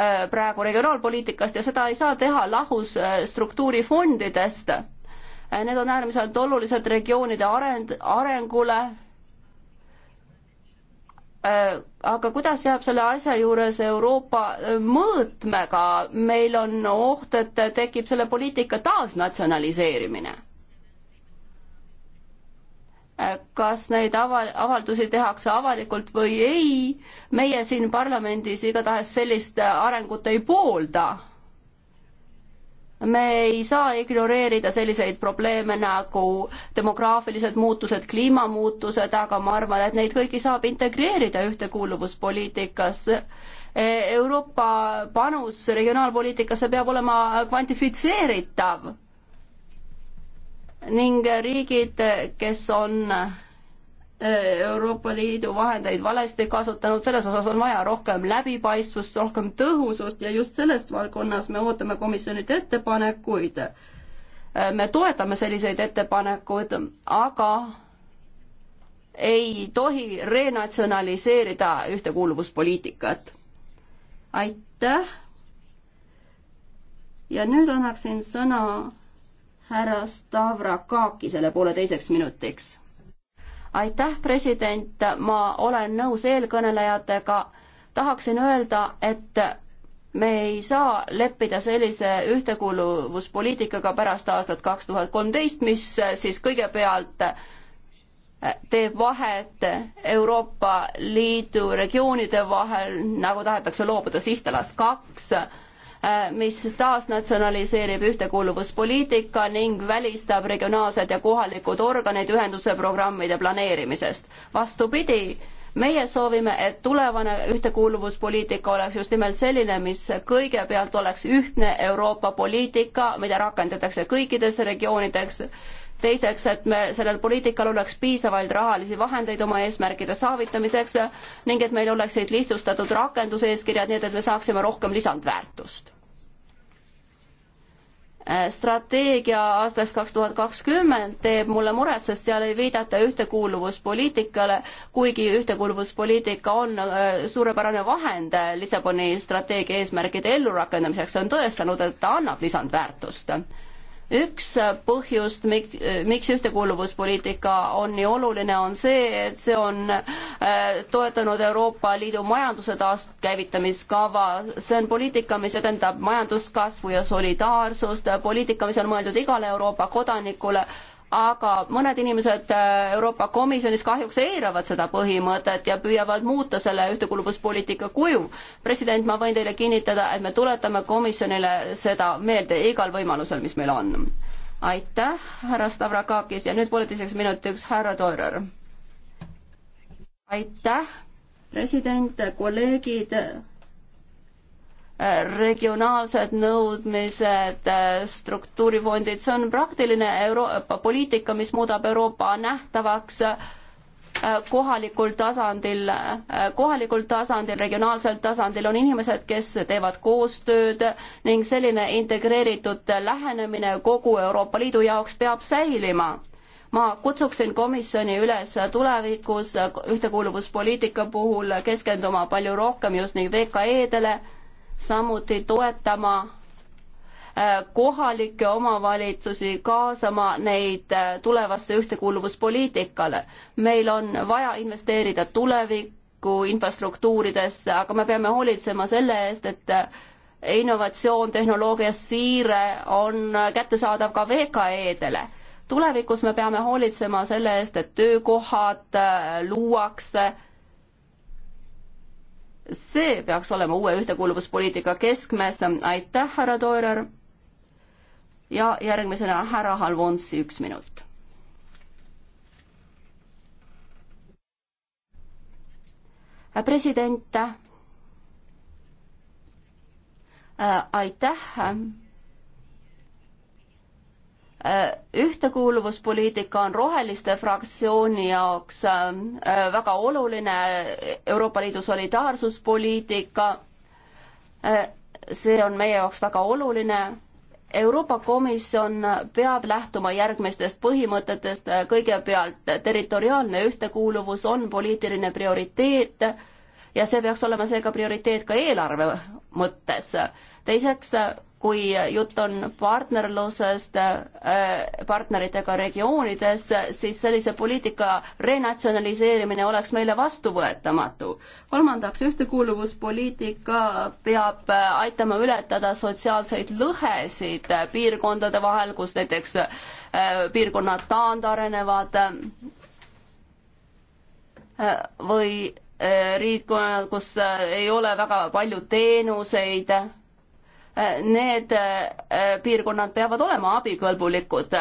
Äh, praegu regionaalpoliitikast ja seda ei saa teha lahus äh, struktuurifondidest. Äh, need on äärmiselt olulised regioonide arend-, arengule. aga kuidas jääb selle asja juures Euroopa mõõtmega, meil on oht, et tekib selle poliitika taasnatsionaliseerimine kas neid ava-, avaldusi tehakse avalikult või ei, meie siin parlamendis igatahes sellist arengut ei poolda. me ei saa ignoreerida selliseid probleeme nagu demograafilised muutused, kliimamuutused, aga ma arvan, et neid kõiki saab integreerida ühtekuuluvuspoliitikasse. Euroopa panus regionaalpoliitikasse peab olema kvantifitseeritav ning riigid, kes on äh, Euroopa Liidu vahendeid valesti kasutanud, selles osas on vaja rohkem läbipaistvust, rohkem tõhusust ja just sellest valdkonnas me ootame komisjonilt ettepanekuid. Äh, me toetame selliseid ettepanekuid, aga ei tohi renatsionaliseerida ühtekuuluvuspoliitikat. aitäh. ja nüüd annaksin sõna härra Stavrakaki selle pooleteiseks minutiks. aitäh, president, ma olen nõus eelkõnelejatega, tahaksin öelda, et me ei saa leppida sellise ühtekuuluvuspoliitikaga pärast aastat kaks tuhat kolmteist, mis siis kõigepealt teeb vahet Euroopa Liidu regioonide vahel, nagu tahetakse loobuda sihtalast kaks Äh, mis taasnatsionaliseerib ühtekuuluvuspoliitika ning välistab regionaalsed ja kohalikud organid ühenduse programmide planeerimisest. vastupidi, meie soovime, et tulevane ühtekuuluvuspoliitika oleks just nimelt selline, mis kõigepealt oleks ühtne Euroopa poliitika, mida rakendatakse kõikides regioonides teiseks, et me, sellel poliitikal oleks piisavalt rahalisi vahendeid oma eesmärkide saavutamiseks ning et meil oleksid lihtsustatud rakenduseeskirjad, nii et, et me saaksime rohkem lisandväärtust. Äh, strateegia aastast kaks tuhat kakskümmend teeb mulle muret, sest seal ei viidata ühtekuuluvuspoliitikale, kuigi ühtekuuluvuspoliitika on äh, suurepärane vahend Lissaboni strateegia eesmärkide ellurakendamiseks, see on tõestanud, et ta annab lisandväärtust üks põhjust, mik-, miks ühtekuuluvuspoliitika on nii oluline, on see, et see on äh, toetanud Euroopa Liidu majanduse taaskäivitamiskava. see on poliitika, mis edendab majanduskasvu ja solidaarsust, poliitika, mis on mõeldud igale Euroopa kodanikule aga mõned inimesed äh, Euroopa Komisjonis kahjuks eiravad seda põhimõtet ja püüavad muuta selle ühtekuuluvuspoliitika kuju. president, ma võin teile kinnitada, et me tuletame komisjonile seda meelde igal võimalusel, mis meil on. aitäh, härra Stavrakakis ja nüüd pooleteiseks minutiks härra Toirer. aitäh, president, kolleegid regionaalsed nõudmised, struktuurifondid, see on praktiline Euroopa poliitika, mis muudab Euroopa nähtavaks äh, kohalikul tasandil, äh, kohalikul tasandil, regionaalsel tasandil on inimesed, kes teevad koostööd ning selline integreeritud lähenemine kogu Euroopa Liidu jaoks peab säilima ma kutsuksin komisjoni üles tulevikus ühtekuuluvuspoliitika puhul keskenduma palju rohkem just nii VKE-dele samuti toetama äh, kohalikke omavalitsusi, kaasama neid äh, tulevasse ühtekuuluvuspoliitikale. meil on vaja investeerida tulevikku infrastruktuuridesse, aga me peame hoolitsema selle eest, et äh, innovatsioon, tehnoloogia siire on kättesaadav ka VKE-dele. tulevikus me peame hoolitsema selle eest, et töökohad luuakse see peaks olema uue ühtekuuluvuspoliitika keskmes. aitäh, härra Toirer. ja järgmisena härra Halvonsi üks minut. Äh, president. Äh, aitäh äh, Äh, ühtekuuluvuspoliitika on Roheliste fraktsiooni jaoks äh, äh, väga oluline Euroopa Liidu solidaarsuspoliitika. see on meie jaoks väga oluline. Euroopa Komisjon peab lähtuma järgmistest põhimõtetest, kõigepealt territoriaalne ühtekuuluvus on poliitiline prioriteet ja see peaks olema seega prioriteet ka eelarve mõttes. teiseks kui jutt on partnerlusest äh, partneritega regioonides, siis sellise poliitika renatsionaliseerimine oleks meile vastuvõetamatu. kolmandaks, ühtekuuluvuspoliitika peab äh, aitama ületada sotsiaalseid lõhesid äh, piirkondade vahel, kus näiteks piirkonnad taandarenevad või riik, kus ei ole väga palju teenuseid need äh, piirkonnad peavad olema abikõlbulikud.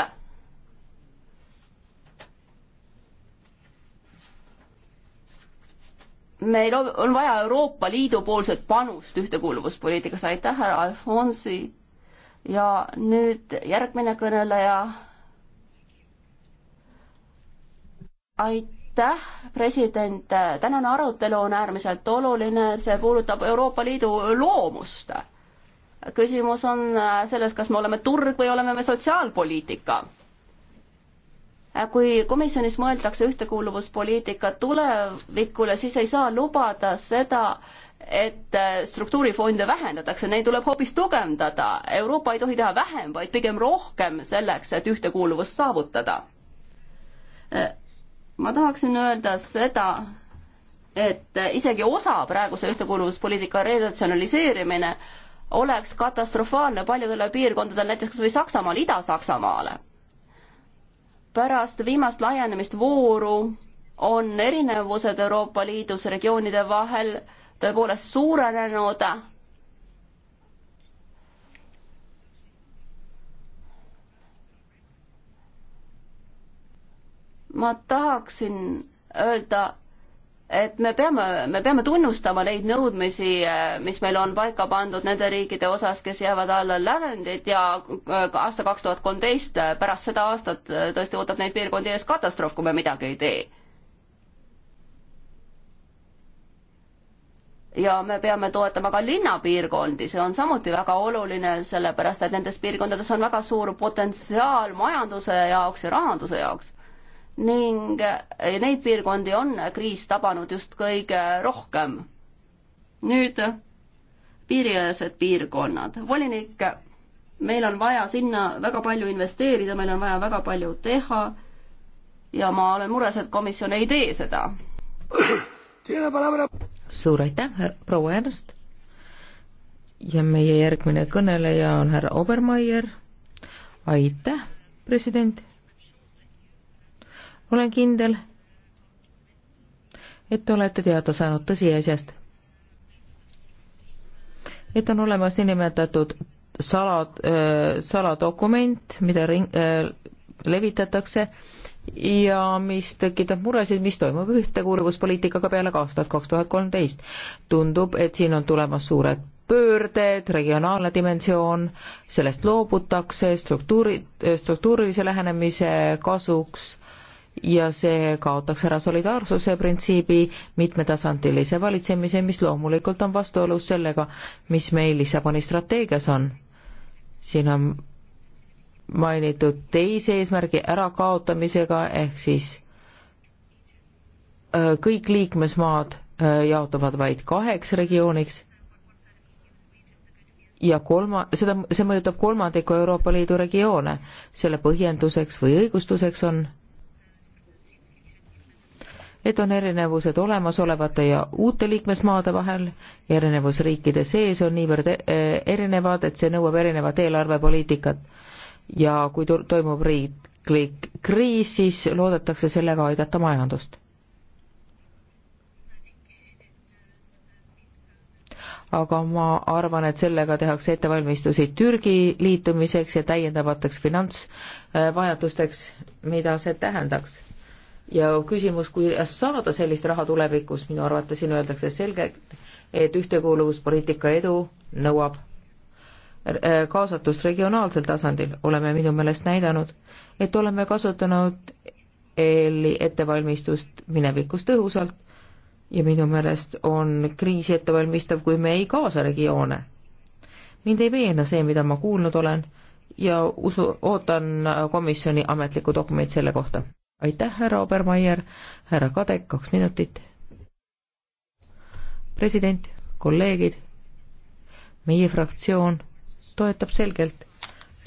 meil on vaja Euroopa Liidu poolset panust ühtekuuluvuspoliitikas, aitäh, härra Alfonsi. ja nüüd järgmine kõneleja. aitäh aitäh, president, tänane arutelu on äärmiselt oluline, see puudutab Euroopa Liidu loomust küsimus on äh, selles, kas me oleme turg või oleme me sotsiaalpoliitika. Äh, kui komisjonis mõeldakse ühtekuuluvuspoliitika tulevikule, siis ei saa lubada seda, et äh, struktuurifonde vähendatakse, neid tuleb hoopis tugevdada. Euroopa ei tohi teha vähem, vaid pigem rohkem selleks, et ühtekuuluvust saavutada. ma tahaksin öelda seda, et isegi osa praeguse ühtekuuluvuspoliitika redatsionaliseerimine oleks katastrofaalne paljudele piirkondadele, näiteks kas või Saksamaal, Ida-Saksamaale. pärast viimast laienemisvooru on erinevused Euroopa Liidus regioonide vahel tõepoolest suurenenud. ma tahaksin öelda, et me peame, me peame tunnustama neid nõudmisi, eh, mis meil on paika pandud nende riikide osas, kes jäävad alla lävendit ja eh, aasta kaks tuhat kolmteist, eh, pärast seda aastat tõesti ootab neid piirkondi ees katastroof, kui me midagi ei tee. ja me peame toetama ka linnapiirkondi, see on samuti väga oluline, sellepärast et nendes piirkondades on väga suur potentsiaal majanduse jaoks ja rahanduse jaoks ning eh, neid piirkondi on kriis tabanud just kõige rohkem. nüüd piiriäärsed piirkonnad, volinik, meil on vaja sinna väga palju investeerida, meil on vaja väga palju teha ja ma olen mures, et komisjon ei tee seda. suur aitäh, proua Ernst. ja meie järgmine kõneleja on härra Obermeier. aitäh, president olen kindel, et te olete teada saanud tõsiasjast, et on olemas niinimetatud sala, äh, saladokument, mida ring, äh, levitatakse ja mis tekitab muresid, mis toimub ühtekuuluvuspoliitikaga peale aastat kaks tuhat kolmteist. tundub, et siin on tulemas suured pöörded, regionaalne dimensioon, sellest loobutakse struktuuri, struktuurilise lähenemise kasuks ja see kaotaks ära solidaarsuse printsiibi mitmetasandilise valitsemise, mis loomulikult on vastuolus sellega, mis meil Lissaboni strateegias on. siin on mainitud teise eesmärgi ärakaotamisega, ehk siis äh, kõik liikmesmaad äh, jaotuvad vaid kaheks regiooniks ja kolma, seda, see mõjutab kolmandiku Euroopa Liidu regioone. selle põhjenduseks või õigustuseks on et on erinevused olemasolevate ja uute liikmesmaade vahel, erinevus riikide sees on niivõrd e, erinevad, et see nõuab erinevat eelarvepoliitikat. ja kui toimub riiklik kriis, siis loodetakse sellega aidata majandust. aga ma arvan, et sellega tehakse ettevalmistusi Türgi liitumiseks ja täiendavateks finantsvajadusteks, mida see tähendaks ja küsimus, kuidas saada sellist raha tulevikus, minu arvates siin öeldakse selgelt, et ühtekuuluvuspoliitika edu nõuab äh, kaasatust regionaalsel tasandil, oleme minu meelest näidanud, et oleme kasutanud EL-i ettevalmistust minevikus tõhusalt ja minu meelest on kriisi ettevalmistav, kui me ei kaasa regioone. mind ei veena see, mida ma kuulnud olen ja usu, ootan komisjoni ametlikku dokumenti selle kohta aitäh, härra Obermeier, härra Kadek, kaks minutit. president, kolleegid, meie fraktsioon toetab selgelt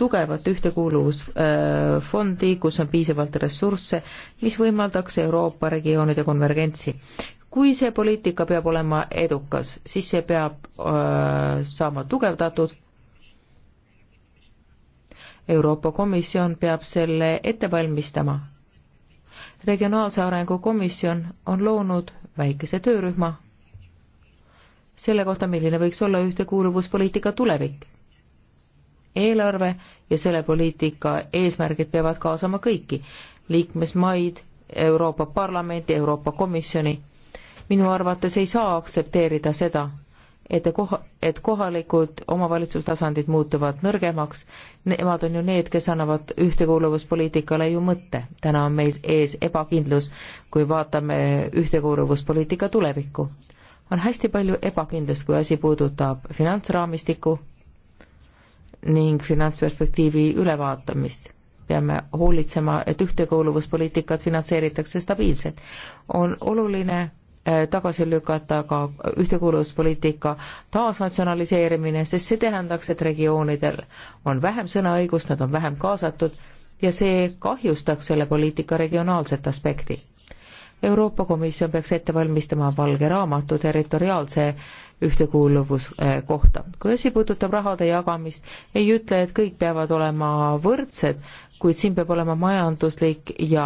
tugevat ühtekuuluvusfondi, kus on piisavalt ressursse, mis võimaldaks Euroopa regioonide konvergentsi. kui see poliitika peab olema edukas, siis see peab öö, äh, saama tugevdatud. Euroopa Komisjon peab selle ette valmistama regionaalse arengu komisjon on loonud väikese töörühma selle kohta, milline võiks olla ühtekuuluvuspoliitika tulevik. eelarve ja selle poliitika eesmärgid peavad kaasama kõiki liikmesmaid, Euroopa Parlamenti, Euroopa Komisjoni. minu arvates ei saa aktsepteerida seda, et koha, et kohalikud omavalitsustasandid muutuvad nõrgemaks, nemad on ju need, kes annavad ühtekuuluvuspoliitikale ju mõtte. täna on meil ees ebakindlus, kui vaatame ühtekuuluvuspoliitika tulevikku. on hästi palju ebakindlust, kui asi puudutab finantsraamistikku ning finantsperspektiivi ülevaatamist peame hoolitsema, et ühtekuuluvuspoliitikat finantseeritakse stabiilselt. on oluline Äh, tagasi lükata ka ühtekuuluvuspoliitika taasnatsionaliseerimine, sest see tähendaks, et regioonidel on vähem sõnaõigust, nad on vähem kaasatud ja see kahjustaks selle poliitika regionaalset aspekti. Euroopa Komisjon peaks ette valmistama valge raamatu territoriaalse ühtekuuluvuse äh, kohta. kui asi puudutab rahade jagamist, ei ütle, et kõik peavad olema võrdsed, kuid siin peab olema majanduslik ja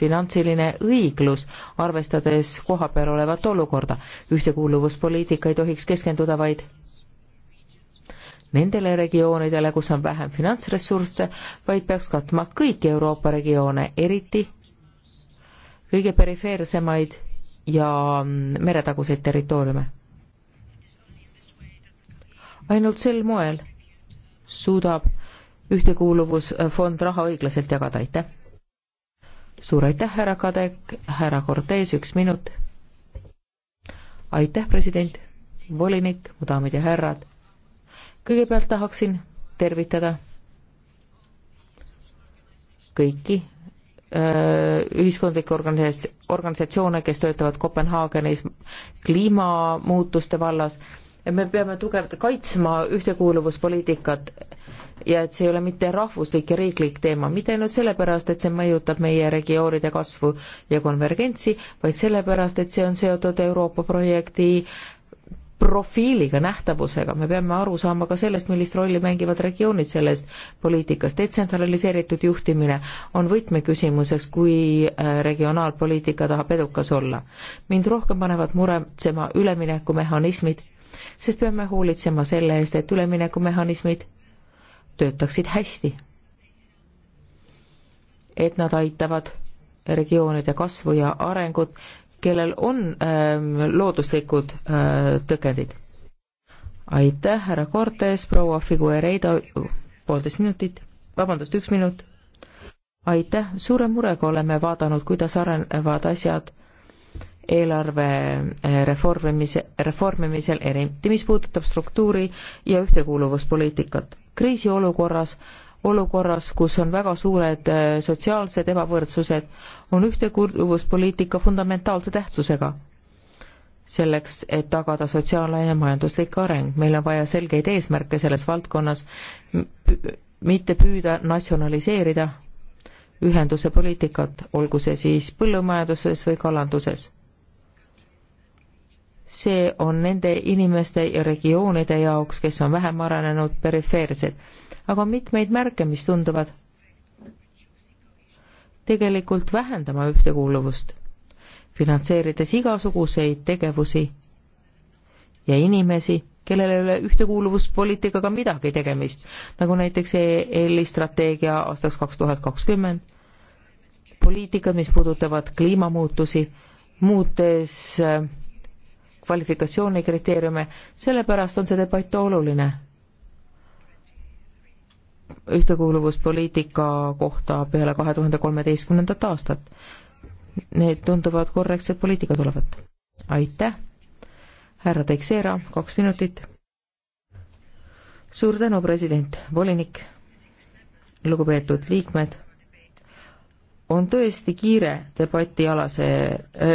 finantsiline õiglus, arvestades kohapeal olevat olukorda. ühtekuuluvuspoliitika ei tohiks keskenduda vaid nendele regioonidele, kus on vähem finantsressursse, vaid peaks katma kõiki Euroopa regioone, eriti kõige perifeersemaid ja meretaguseid territooriume. ainult sel moel suudab ühtekuuluvusfond raha õiglaselt jagada, aitäh! suur aitäh, härra Kadek, härra Cortez, üks minut. aitäh, president, volinik, mu daamid ja härrad. kõigepealt tahaksin tervitada kõiki äh, ühiskondlikke organis-, organisatsioone, kes töötavad Kopenhaagenis kliimamuutuste vallas, me peame tugevalt kaitsma ühtekuuluvuspoliitikat ja et see ei ole mitte rahvuslik ja riiklik teema, mitte ainult sellepärast, et see mõjutab meie regioonide kasvu ja konvergentsi, vaid sellepärast, et see on seotud Euroopa projekti profiiliga, nähtavusega, me peame aru saama ka sellest, millist rolli mängivad regioonid selles poliitikas. detsentraliseeritud juhtimine on võtmeküsimuseks, kui äh, regionaalpoliitika tahab edukas olla. mind rohkem panevad muretsema üleminekumehhanismid, sest peame hoolitsema selle eest, et üleminekumehhanismid töötaksid hästi. et nad aitavad regioonide kasvu ja arengut, kellel on äh, looduslikud äh, tõkendid. aitäh, härra Cortes, proua Figuereido, poolteist minutit, vabandust, üks minut. aitäh, suure murega oleme vaadanud, kuidas arenevad asjad eelarve äh, reformimise, reformimisel, eriti mis puudutab struktuuri ja ühtekuuluvuspoliitikat kriisiolukorras, olukorras, kus on väga suured äh, sotsiaalsed ebavõrdsused, on ühtekuuluvuspoliitika fundamentaalse tähtsusega. selleks, et tagada sotsiaalne ja majanduslik areng, meil on vaja selgeid eesmärke selles valdkonnas, mitte püüda natsionaliseerida ühenduse poliitikat, olgu see siis põllumajanduses või kalanduses see on nende inimeste ja regioonide jaoks, kes on vähem arenenud, perifeersed. aga on mitmeid märke, mis tunduvad tegelikult vähendama ühtekuuluvust, finantseerides igasuguseid tegevusi ja inimesi, kellel ei ole ühtekuuluvuspoliitikaga midagi tegemist, nagu näiteks EL-i strateegia aastaks kaks tuhat kakskümmend, poliitikad, mis puudutavad kliimamuutusi, muutes äh, kvalifikatsioonikriteeriume, sellepärast on see debatt oluline. ühtekuuluvuspoliitika kohta peale kahe tuhande kolmeteistkümnendat aastat. Need tunduvad korrektsed poliitikad olevat. aitäh, härra Teixeira, kaks minutit. suur tänu, president, volinik, lugupeetud liikmed on tõesti kiire debatialase, äh,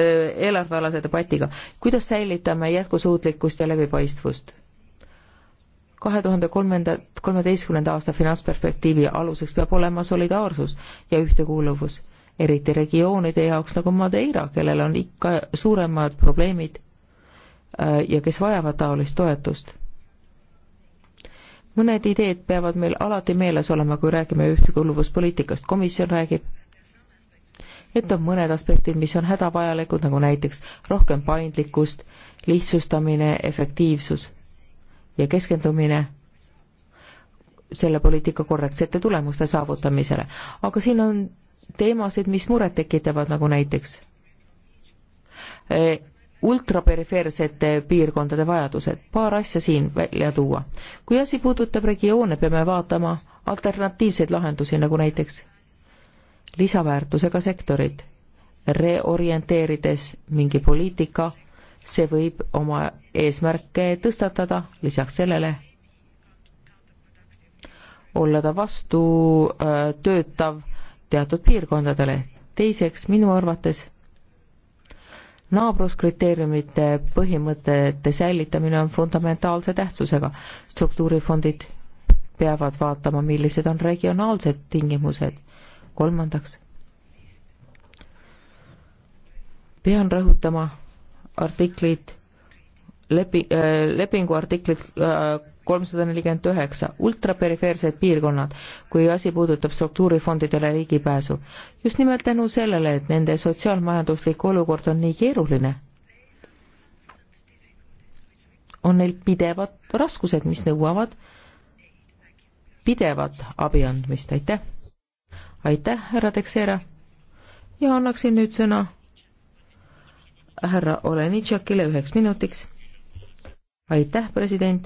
eelarvealase debatiga. kuidas säilitame jätkusuutlikkust ja läbipaistvust? kahe tuhande kolmanda, kolmeteistkümnenda aasta finantsperspektiivi aluseks peab olema solidaarsus ja ühtekuuluvus, eriti regioonide jaoks nagu Madeira, kellel on ikka suuremad probleemid äh, ja kes vajavad taolist toetust. mõned ideed peavad meil alati meeles olema, kui räägime ühtekuuluvuspoliitikast, komisjon räägib et on mõned aspektid, mis on hädavajalikud, nagu näiteks rohkem paindlikkust, lihtsustamine, efektiivsus ja keskendumine selle poliitika korrektsete tulemuste saavutamisele. aga siin on teemasid, mis muret tekitavad, nagu näiteks e, ultraperifeersete piirkondade vajadused. paar asja siin välja tuua. kui asi puudutab regioone, peame vaatama alternatiivseid lahendusi, nagu näiteks lisaväärtusega sektorid. reorienteerides mingi poliitika, see võib oma eesmärke tõstatada, lisaks sellele olla ta vastu äh, töötav teatud piirkondadele. teiseks, minu arvates naabruskriteeriumite põhimõtete säilitamine on fundamentaalse tähtsusega. struktuurifondid peavad vaatama, millised on regionaalsed tingimused kolmandaks pean rõhutama artiklit, lepi- äh,, lepingu artiklit äh, kolmsada nelikümmend üheksa, ultraperifeersed piirkonnad, kui asi puudutab struktuurifondidele ligipääsu. just nimelt tänu sellele, et nende sotsiaalmajanduslik olukord on nii keeruline, on neil pidevad raskused, mis nõuavad pidevat abi andmist, aitäh! aitäh, härra Texera. ja annaksin nüüd sõna härra Olenitšakile üheks minutiks. aitäh, president.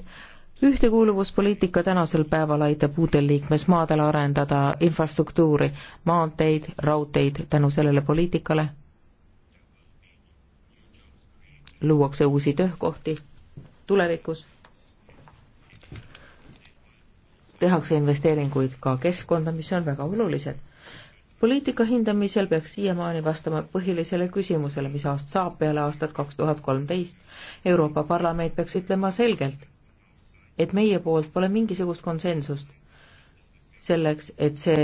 ühtekuuluvuspoliitika tänasel päeval aitab uutel liikmesmaadel arendada infrastruktuuri, maanteid, raudteid tänu sellele poliitikale. luuakse uusi töökohti tulevikus tehakse investeeringuid ka keskkonda, mis on väga olulised poliitika hindamisel peaks siiamaani vastama põhilisele küsimusele, mis aast saab peale aastat kaks tuhat kolmteist. Euroopa Parlament peaks ütlema selgelt, et meie poolt pole mingisugust konsensust selleks, et see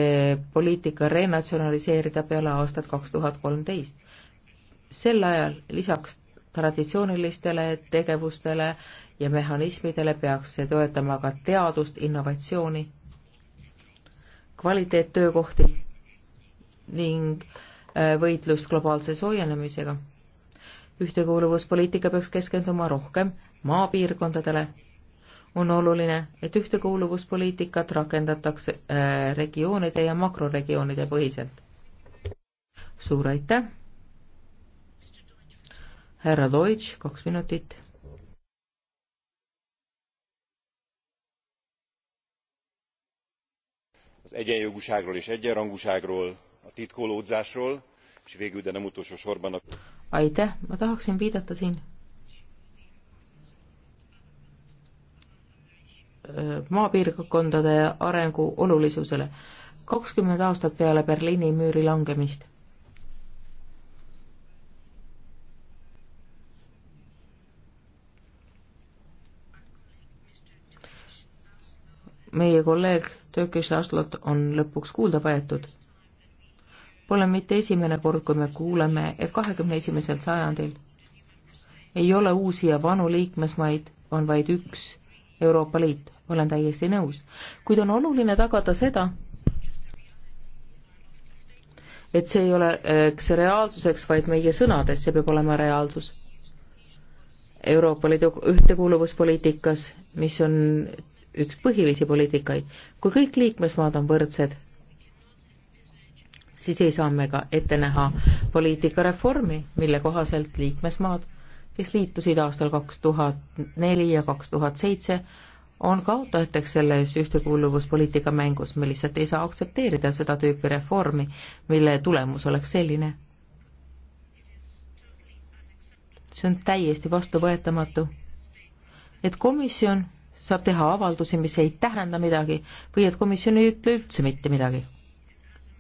poliitika renatsionaliseerida peale aastat kaks tuhat kolmteist. sel ajal lisaks traditsioonilistele tegevustele ja mehhanismidele peaks see toetama ka teadust, innovatsiooni, kvaliteettöökohti ning äh, võitlust globaalse soojenemisega. ühtekuuluvuspoliitika peaks keskenduma rohkem maapiirkondadele. on oluline, et ühtekuuluvuspoliitikat rakendatakse äh, regioonide ja makroregioonide põhiselt. suur aitäh! härra Deutsch, kaks minutit az egyenjogúságról és egyenrangúságról a titkolódzásról, és végül, de nem utolsó sorban a... aitäh, ma tahaksin viidata siin maapiirkondade arengu olulisusele kakskümmend aastat peale Berliini müüri langemist. meie kolleeg Tökis Laslot on lõpuks kuulda võetud Pole mitte esimene kord, kui me kuuleme, et kahekümne esimesel sajandil ei ole uusi ja vanu liikmesmaid, on vaid üks Euroopa Liit, olen täiesti nõus. kuid on oluline tagada seda, et see ei oleks reaalsuseks vaid meie sõnades, see peab olema reaalsus. Euroopa Liidu ühtekuuluvuspoliitikas, mis on üks põhilisi poliitikaid, kui kõik liikmesmaad on võrdsed siis ei saa me ka ette näha poliitikareformi, mille kohaselt liikmesmaad, kes liitusid aastal kaks tuhat neli ja kaks tuhat seitse, on kaotajateks selles ühtekuuluvuspoliitika mängus, me lihtsalt ei saa aktsepteerida seda tüüpi reformi, mille tulemus oleks selline. see on täiesti vastuvõetamatu. et komisjon saab teha avaldusi, mis ei tähenda midagi või et komisjon ei ütle üldse mitte midagi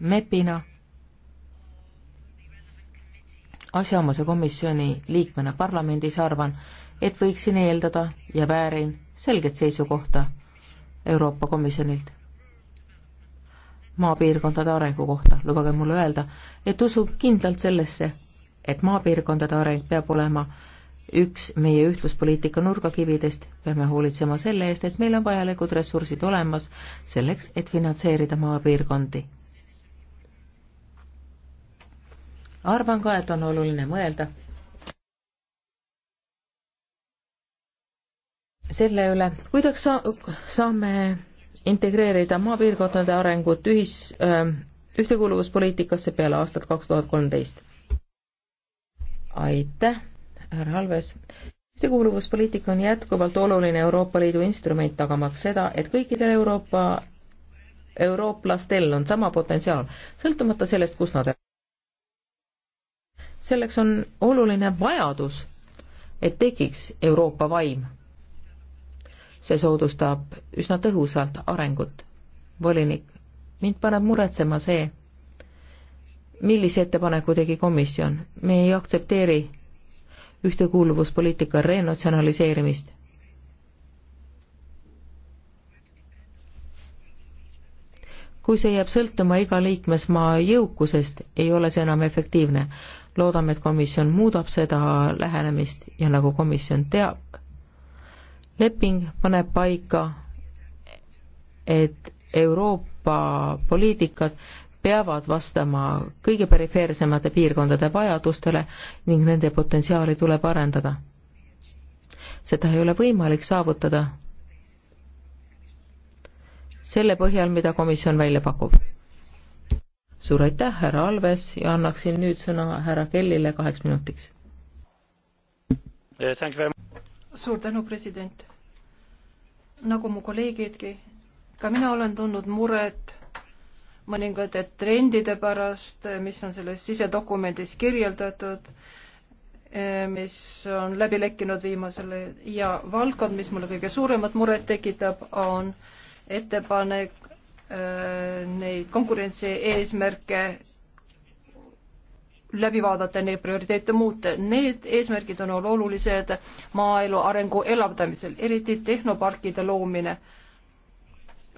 MEP-ina, asjaomase komisjoni liikmena parlamendis arvan, et võiksin eeldada ja väärin selget seisukohta Euroopa Komisjonilt maapiirkondade arengu kohta. lubage mulle öelda, et usun kindlalt sellesse, et maapiirkondade areng peab olema üks meie ühtluspoliitika nurgakividest, peame hoolitsema selle eest, et meil on vajalikud ressursid olemas selleks, et finantseerida maapiirkondi arvan ka, et on oluline mõelda selle üle, kuidas sa-, saame integreerida maapiirkondade arengut ühis, ähm, ühtekuuluvuspoliitikasse peale aastat kaks tuhat kolmteist. aitäh, härra Halves. ühtekuuluvuspoliitika on jätkuvalt oluline Euroopa Liidu instrument, tagamaks seda, et kõikidel Euroopa, eurooplastel on sama potentsiaal, sõltumata sellest, kus nad elavad selleks on oluline vajadus, et tekiks Euroopa vaim. see soodustab üsna tõhusalt arengut. volinik, mind paneb muretsema see, millise ettepaneku tegi komisjon, me ei aktsepteeri ühtekuuluvuspoliitika renatsionaliseerimist. kui see jääb sõltuma iga liikmesmaa jõukusest, ei ole see enam efektiivne loodame, et komisjon muudab seda lähenemist ja nagu komisjon teab, leping paneb paika, et Euroopa poliitikad peavad vastama kõige perifeersemate piirkondade vajadustele ning nende potentsiaali tuleb arendada. seda ei ole võimalik saavutada selle põhjal, mida komisjon välja pakub suur aitäh, härra Alves ja annaksin nüüd sõna härra Kellile kaheks minutiks. Eh, suur tänu, president. nagu mu kolleegidki, ka mina olen tundnud muret mõningate trendide pärast, mis on selles sisedokumendis kirjeldatud, eh, mis on läbi lekkinud viimasel ja valdkond, mis mulle kõige suuremat muret tekitab, on ettepanek Äh, neid konkurentsi eesmärke läbi vaadata, neid prioriteete muuta. Need eesmärgid on olulised maaelu arengu elavdamisel, eriti tehnoparkide loomine,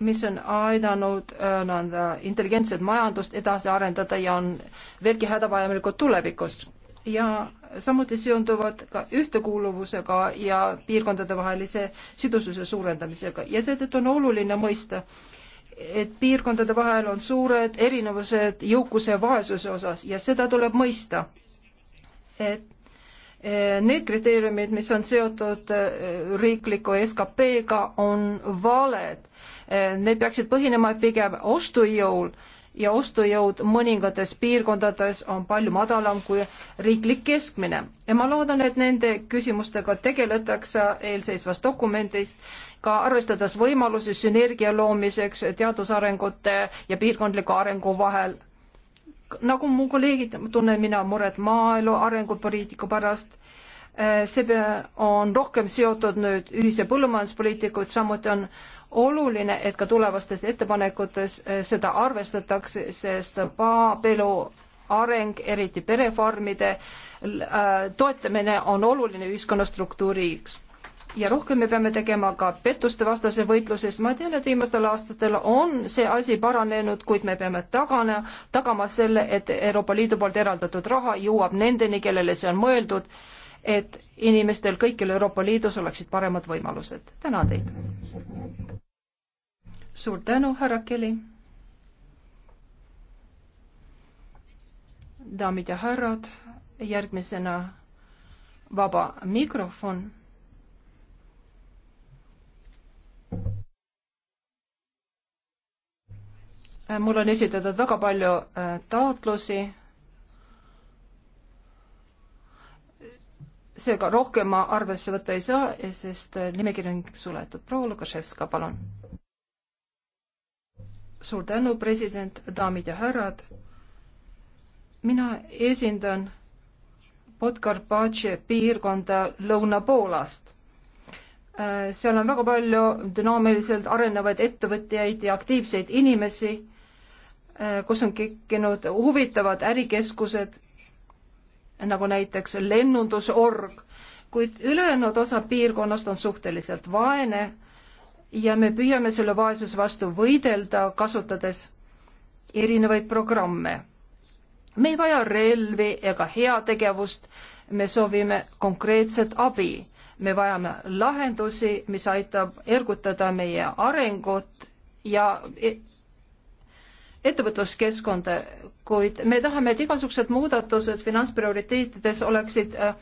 mis on aidanud äh, nõnda intelligentset majandust edasi arendada ja on veelgi hädavajalikud tulevikus. ja samuti seonduvad ka ühtekuuluvusega ja piirkondadevahelise sidususe suurendamisega ja seetõttu on oluline mõista, et piirkondade vahel on suured erinevused jõukuse ja vaesuse osas ja seda tuleb mõista. et eh, need kriteeriumid, mis on seotud eh, riikliku SKP-ga, on valed. Eh, need peaksid põhinema pigem ostujõul ja ostujõud mõningates piirkondades on palju madalam kui riiklik keskmine. ja ma loodan, et nende küsimustega tegeletakse eelseisvas dokumendis, ka arvestades võimalusi sünergia loomiseks teadusarengute ja piirkondliku arengu vahel. nagu mu kolleegid, tunnen mina muret maaelu arengupoliitika pärast, eh, see on rohkem seotud nüüd ühise põllumajanduspoliitikuid, samuti on oluline, et ka tulevastes ettepanekutes eh, seda arvestatakse, sest maaelu areng, eriti perefarmide äh, toetamine on oluline ühiskonnastruktuuriks ja rohkem me peame tegema ka pettuste vastase võitluses. ma tean, et viimastel aastatel on see asi paranenud, kuid me peame tagane, tagama selle, et Euroopa Liidu poolt eraldatud raha jõuab nendeni, kellele see on mõeldud et inimestel kõikjal Euroopa Liidus oleksid paremad võimalused. tänan teid. suur tänu, härra Kelly. daamid ja härrad, järgmisena vaba mikrofon mul on esitatud väga palju äh, taotlusi seega rohkem ma arvesse võtta ei saa, sest äh, nimekiri on suletud. proua Lukaševska, palun. suur tänu, president, daamid ja härrad. mina esindan Podkarpatši piirkonda Lõuna-Poolast. Äh, seal on väga palju dünaamiliselt arenevaid ettevõtjaid ja aktiivseid inimesi, äh, kus on tekkinud huvitavad ärikeskused nagu näiteks lennundusorg, kuid ülejäänud osa piirkonnast on suhteliselt vaene ja me püüame selle vaesuse vastu võidelda, kasutades erinevaid programme. me ei vaja relvi ega heategevust, me soovime konkreetset abi. me vajame lahendusi, mis aitab ergutada meie arengut ja e- ettevõtluskeskkonda, kuid me tahame, et igasugused muudatused finantsprioriteetides oleksid äh,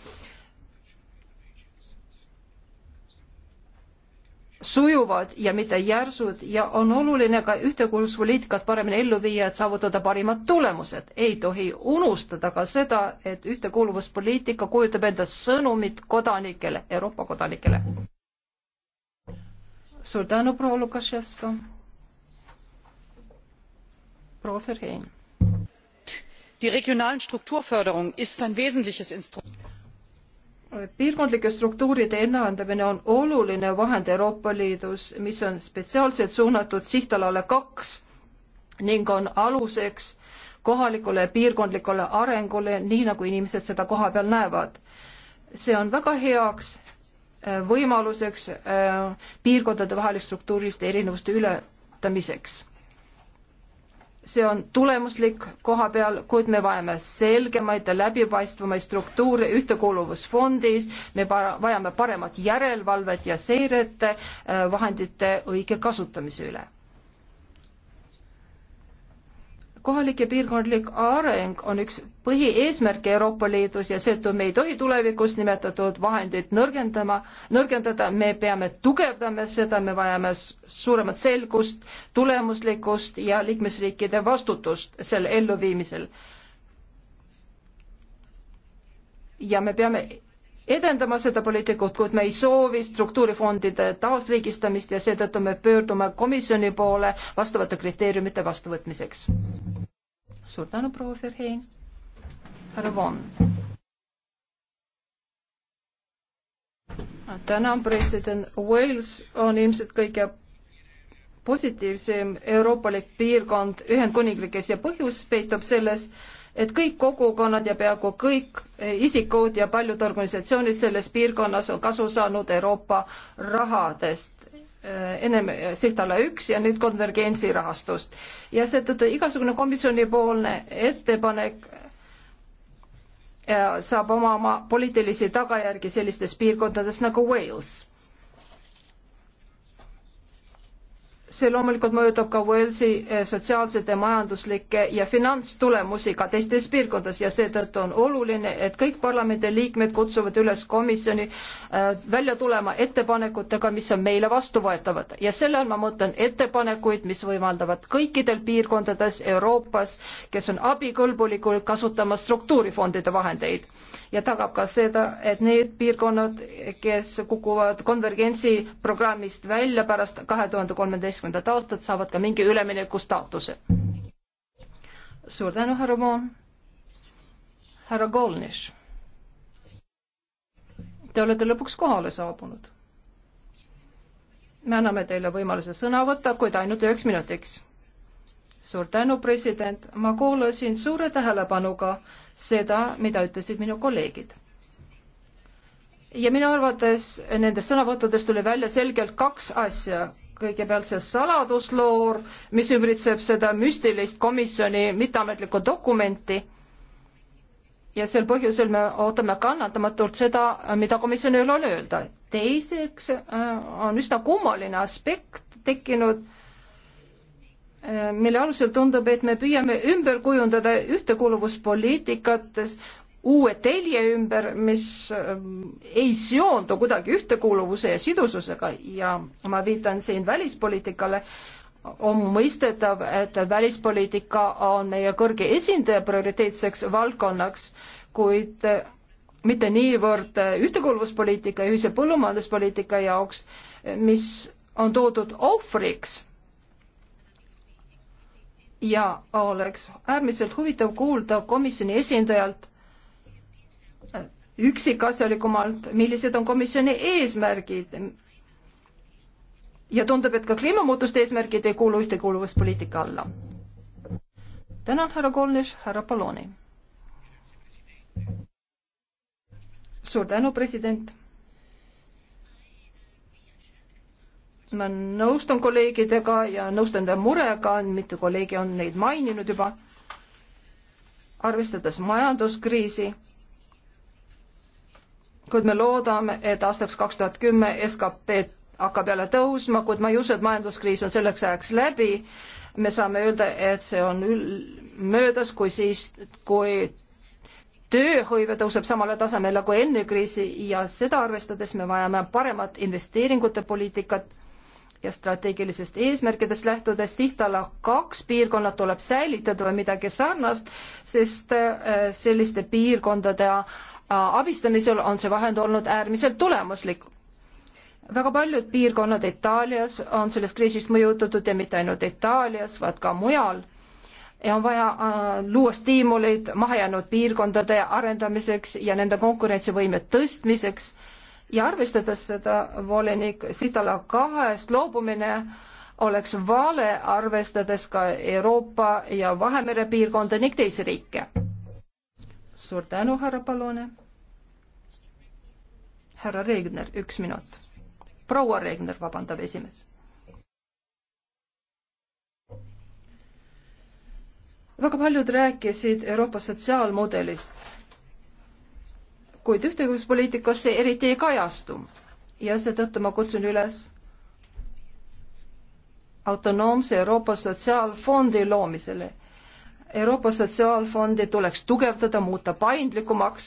sujuvad ja mitte järsud ja on oluline ka ühtekuuluvuspoliitikat paremini ellu viia, et saavutada parimad tulemused. ei tohi unustada ka seda, et ühtekuuluvuspoliitika kujutab endast sõnumit kodanikele, Euroopa kodanikele. suur tänu, proua Lukaševska proua Ferrein. Die regionalen struktuurförderung ist ein wesentliches instrument piirkondlike struktuuride enneandamine on oluline vahend Euroopa Liidus, mis on spetsiaalselt suunatud sihtalale kaks ning on aluseks kohalikule ja piirkondlikule arengule, nii nagu inimesed seda koha peal näevad. see on väga heaks äh, võimaluseks äh, piirkondade vahel struktuuriliste erinevuste ületamiseks see on tulemuslik koha peal, kuid me vajame selgemaid ja läbipaistvamaid struktuure ühtekuuluvusfondis, me vajame paremat järelevalvet ja seiret äh, vahendite õige kasutamise üle kohalik ja piirkondlik areng on üks põhieesmärke Euroopa Liidus ja seetõttu me ei tohi tulevikus nimetatud vahendeid nõrgendama, nõrgendada, me peame tugevdama seda, me vajame suuremat selgust, tulemuslikkust ja liikmesriikide vastutust selle elluviimisel. ja me peame edendama seda poliitikut, kuid me ei soovi struktuurifondide taasriigistamist ja seetõttu me pöördume komisjoni poole vastavate kriteeriumite vastuvõtmiseks suur tänu, proua Ferhein. härra Von. täna president Wales on ilmselt kõige positiivsem euroopalik piirkond Ühendkuningriigis ja põhjus peitub selles, et kõik kogukonnad ja peaaegu kõik isikud ja paljud organisatsioonid selles piirkonnas on kasu saanud Euroopa rahadest Äh, ennem äh, sihtala üks ja nüüd konvergentsi rahastust. ja seetõttu igasugune komisjonipoolne ettepanek äh, saab omama poliitilisi tagajärgi sellistes piirkondades nagu Wales see loomulikult mõjutab ka Walesi eh, sotsiaalsete, majanduslikke ja finantstulemusi ka teistes piirkondades ja seetõttu on oluline, et kõik parlamendi liikmed kutsuvad üles komisjoni eh, välja tulema ettepanekutega, mis on meile vastuvõetavad ja selle all ma mõtlen ettepanekuid, mis võimaldavad kõikidel piirkondades Euroopas, kes on abikõlbulikud, kasutama struktuurifondide vahendeid ja tagab ka seda, et need piirkonnad, kes kukuvad konvergentsi programmist välja pärast kahe tuhande kolmeteistkümnendat seitsmendat aastat saavad ka mingi ülemineku staatuse. suur tänu, härra Moon. härra Golnish. Te olete lõpuks kohale saabunud. me anname teile võimaluse sõna võtta, kuid ainult üheks minutiks suur tänu, president, ma kuulasin suure tähelepanuga seda, mida ütlesid minu kolleegid. ja minu arvates nendest sõnavõttudest tuli välja selgelt kaks asja kõigepealt see saladusloor, mis ümbritseb seda müstilist komisjoni mitteametlikku dokumenti. ja sel põhjusel me ootame kannatamatult seda, mida komisjonil on öelda. teiseks äh, on üsna kummaline aspekt tekkinud, äh, mille alusel tundub, et me püüame ümber kujundada ühtekuuluvuspoliitikates uue telje ümber, mis ähm, ei seondu kuidagi ühtekuuluvuse ja sidususega ja ma viitan siin välispoliitikale, on mõistetav, et välispoliitika on meie kõrge esindaja prioriteetseks valdkonnaks, kuid äh, mitte niivõrd äh, ühtekuuluvuspoliitika ja ühise põllumajanduspoliitika jaoks, mis on toodud ohvriks. ja oleks äärmiselt huvitav kuulda komisjoni esindajalt, üksikasjalikumalt, millised on komisjoni eesmärgid. ja tundub, et ka kliimamuutuste eesmärgid ei kuulu ühtekuuluvuspoliitika alla. tänan, härra Kolnis, härra Paloni. suur tänu, president. ma nõustun kolleegidega ja nõustun teie murega, mitu kolleegi on neid maininud juba. arvestades majanduskriisi kuid me loodame, et aastaks kaks tuhat kümme skp hakkab jälle tõusma, kuid ma ei usu, et majanduskriis on selleks ajaks läbi. me saame öelda, et see on möödas, kui siis, kui tööhõive tõuseb samale tasemele kui enne kriisi ja seda arvestades me vajame paremat investeeringute poliitikat ja strateegilisest eesmärkidest lähtudes Tihtala kaks piirkonnad tuleb säilitada või midagi sarnast, sest äh, selliste piirkondade abistamisel on see vahend olnud äärmiselt tulemuslik. väga paljud piirkonnad Itaalias on sellest kriisist mõjutatud ja mitte ainult Itaalias, vaid ka mujal. ja on vaja äh, luua stiimuleid mahajäänud piirkondade arendamiseks ja nende konkurentsivõime tõstmiseks ja arvestades seda, volinik Sitala kahest loobumine oleks vale, arvestades ka Euroopa ja Vahemere piirkonda ning teisi riike suur tänu, härra Palone. härra Regner, üks minut. proua Regner, vabandab esimees. väga paljud rääkisid Euroopa sotsiaalmudelist, kuid ühtekuuluvuspoliitikas see eriti ei kajastu ja seetõttu ma kutsun üles autonoomse Euroopa Sotsiaalfondi loomisele Euroopa Sotsiaalfondi tuleks tugevdada, muuta paindlikumaks.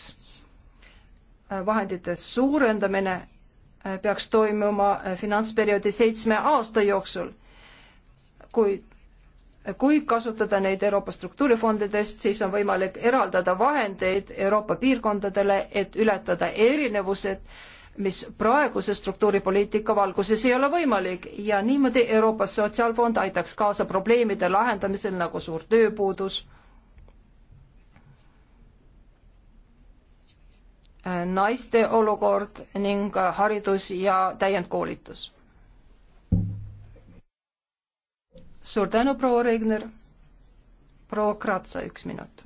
Äh, vahendite suurendamine äh, peaks toimuma äh, finantsperioodi seitsme aasta jooksul. kuid kui kasutada neid Euroopa struktuurifondidest, siis on võimalik eraldada vahendeid Euroopa piirkondadele, et ületada erinevused mis praeguse struktuuripoliitika valguses ei ole võimalik ja niimoodi Euroopa Sotsiaalfond aitaks kaasa probleemide lahendamisel nagu suur tööpuudus, naiste olukord ning haridus ja täiendkoolitus. suur tänu, proua Regner. proua Kratsa, üks minut.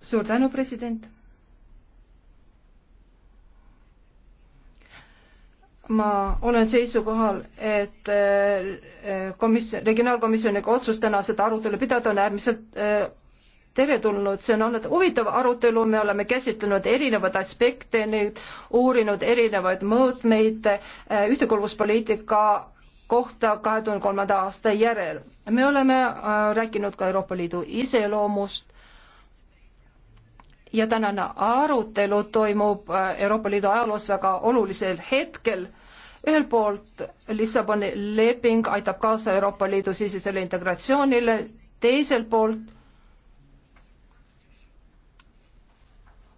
suur tänu, president ma olen seisukohal, et äh, komisjon, regionaalkomisjoniga otsus täna seda arutelu pidada on äärmiselt äh, teretulnud, see on olnud huvitav arutelu, me oleme käsitlenud erinevaid aspekte, nüüd uurinud erinevaid mõõtmeid äh, ühtekuuluvuspoliitika kohta kahe tuhande kolmanda aasta järel. me oleme rääkinud ka Euroopa Liidu iseloomust, ja tänane arutelu toimub äh, Euroopa Liidu ajaloos väga olulisel hetkel. ühelt poolt Lissaboni leping aitab kaasa Euroopa Liidu sisesele integratsioonile, teiselt poolt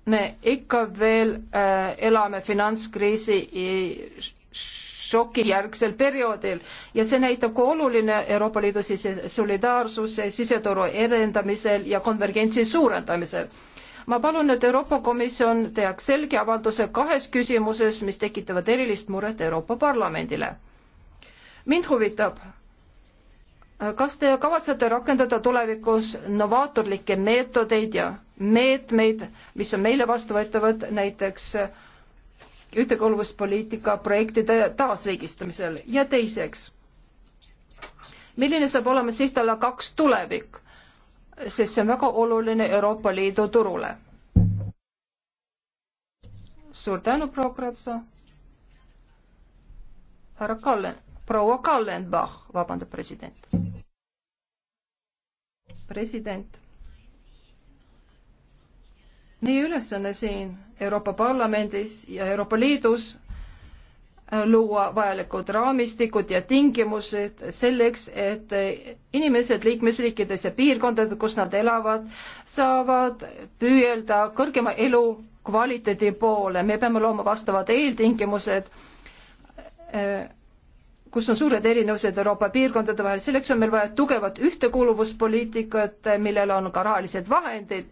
me ikka veel äh, elame finantskriisi šoki järgsel perioodil ja see näitab, kui oluline Euroopa Liidu sise-, solidaarsus siseturu edendamisel ja konvergentsi suurendamisel ma palun, et Euroopa Komisjon teaks selge avalduse kahes küsimuses, mis tekitavad erilist muret Euroopa Parlamendile. mind huvitab, kas te kavatsete rakendada tulevikus novaatorlikke meetodeid ja meetmeid, mis on meile vastuvõetavad näiteks ühtekuuluvuspoliitika projektide taasriigistamisel ja teiseks, milline saab olema sihtala kaks tulevik sest see on väga oluline Euroopa Liidu turule. suur tänu, proua Kratsa. härra Kallen, proua Kallenbach, vabandab president. president. meie ülesanne siin Euroopa Parlamendis ja Euroopa Liidus Äh, luua vajalikud raamistikud ja tingimused selleks, et inimesed liikmesriikides ja piirkondades, kus nad elavad, saavad püüelda kõrgema elukvaliteedi poole. me peame looma vastavad eeltingimused, äh, kus on suured erinevused Euroopa piirkondade vahel, selleks on meil vaja tugevat ühtekuuluvuspoliitikat, millel on ka rahalised vahendid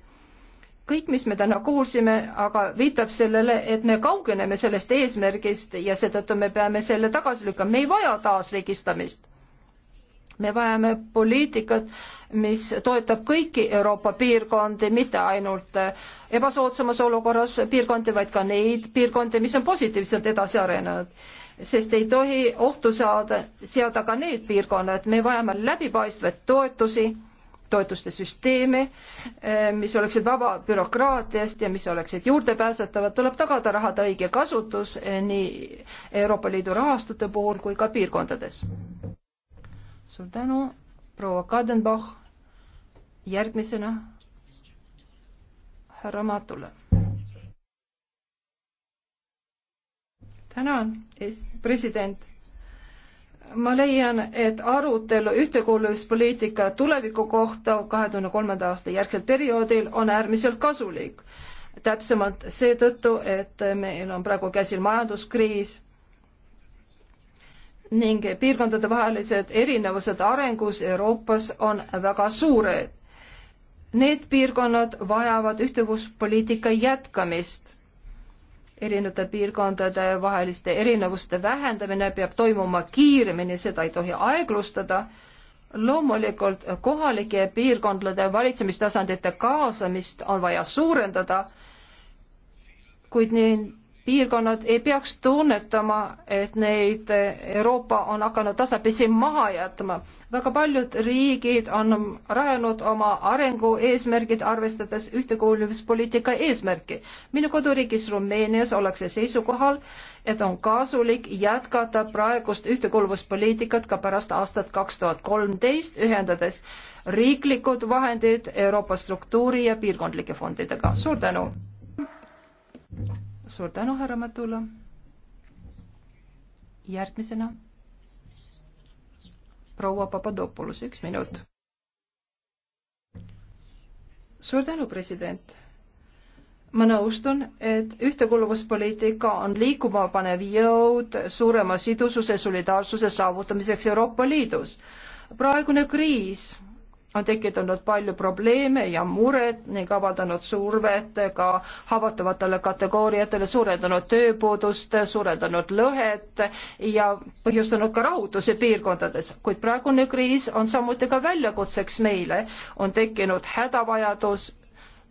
kõik, mis me täna kuulsime, aga viitab sellele, et me kaugeneme sellest eesmärgist ja seetõttu me peame selle tagasi lükkama, me ei vaja taasriigistamist. me vajame poliitikat, mis toetab kõiki Euroopa piirkondi, mitte ainult ebasoodsamas olukorras piirkondi, vaid ka neid piirkondi, mis on positiivselt edasi arenenud sest ei tohi ohtu saada, seada ka need piirkonnad, me vajame läbipaistvaid toetusi toetuste süsteeme, eh, mis oleksid vaba bürokraatiast ja mis oleksid juurdepääsetavad, tuleb tagada rahade õige kasutus eh, nii Euroopa Liidu rahastute puhul kui ka piirkondades. suur tänu, proua Kadenbach, järgmisena härra Matule. tänan, president ma leian, et arutelu ühtekuuluvuspoliitika tuleviku kohta kahe tuhande kolmanda aasta järgsel perioodil on äärmiselt kasulik. täpsemalt seetõttu, et meil on praegu käsil majanduskriis ning piirkondadevahelised erinevused arengus Euroopas on väga suured. Need piirkonnad vajavad ühtekuuluvuspoliitika jätkamist erinevate piirkondade vaheliste erinevuste vähendamine peab toimuma kiiremini, seda ei tohi aeglustada. loomulikult kohalike ja piirkondade valitsemistasandite kaasamist on vaja suurendada, kuid nii piirkonnad ei peaks tunnetama, et neid Euroopa on hakanud tasapisi maha jätma. väga paljud riigid on rajanud oma arengu eesmärgid, arvestades ühtekuuluvuspoliitika eesmärki. minu koduriigis Rumeenias ollakse seisukohal, et on kasulik jätkata praegust ühtekuuluvuspoliitikat ka pärast aastat kaks tuhat kolmteist, ühendades riiklikud vahendid Euroopa struktuuri ja piirkondlike fondidega. suur tänu! suur tänu, härra Matula. järgmisena proua Papadopoulos, üks minut. suur tänu, president ma nõustun, et ühtekuuluvuspoliitika on liikuma panev jõud suurema sidususe, solidaarsuse saavutamiseks Euroopa Liidus. praegune kriis on tekitanud palju probleeme ja muret ning avaldanud survet ka haavatavatele kategooriatele, suurendanud tööpuudust, suurendanud lõhet ja põhjustanud ka rahutuse piirkondades. kuid praegune kriis on samuti ka väljakutseks meile, on tekkinud hädavajadus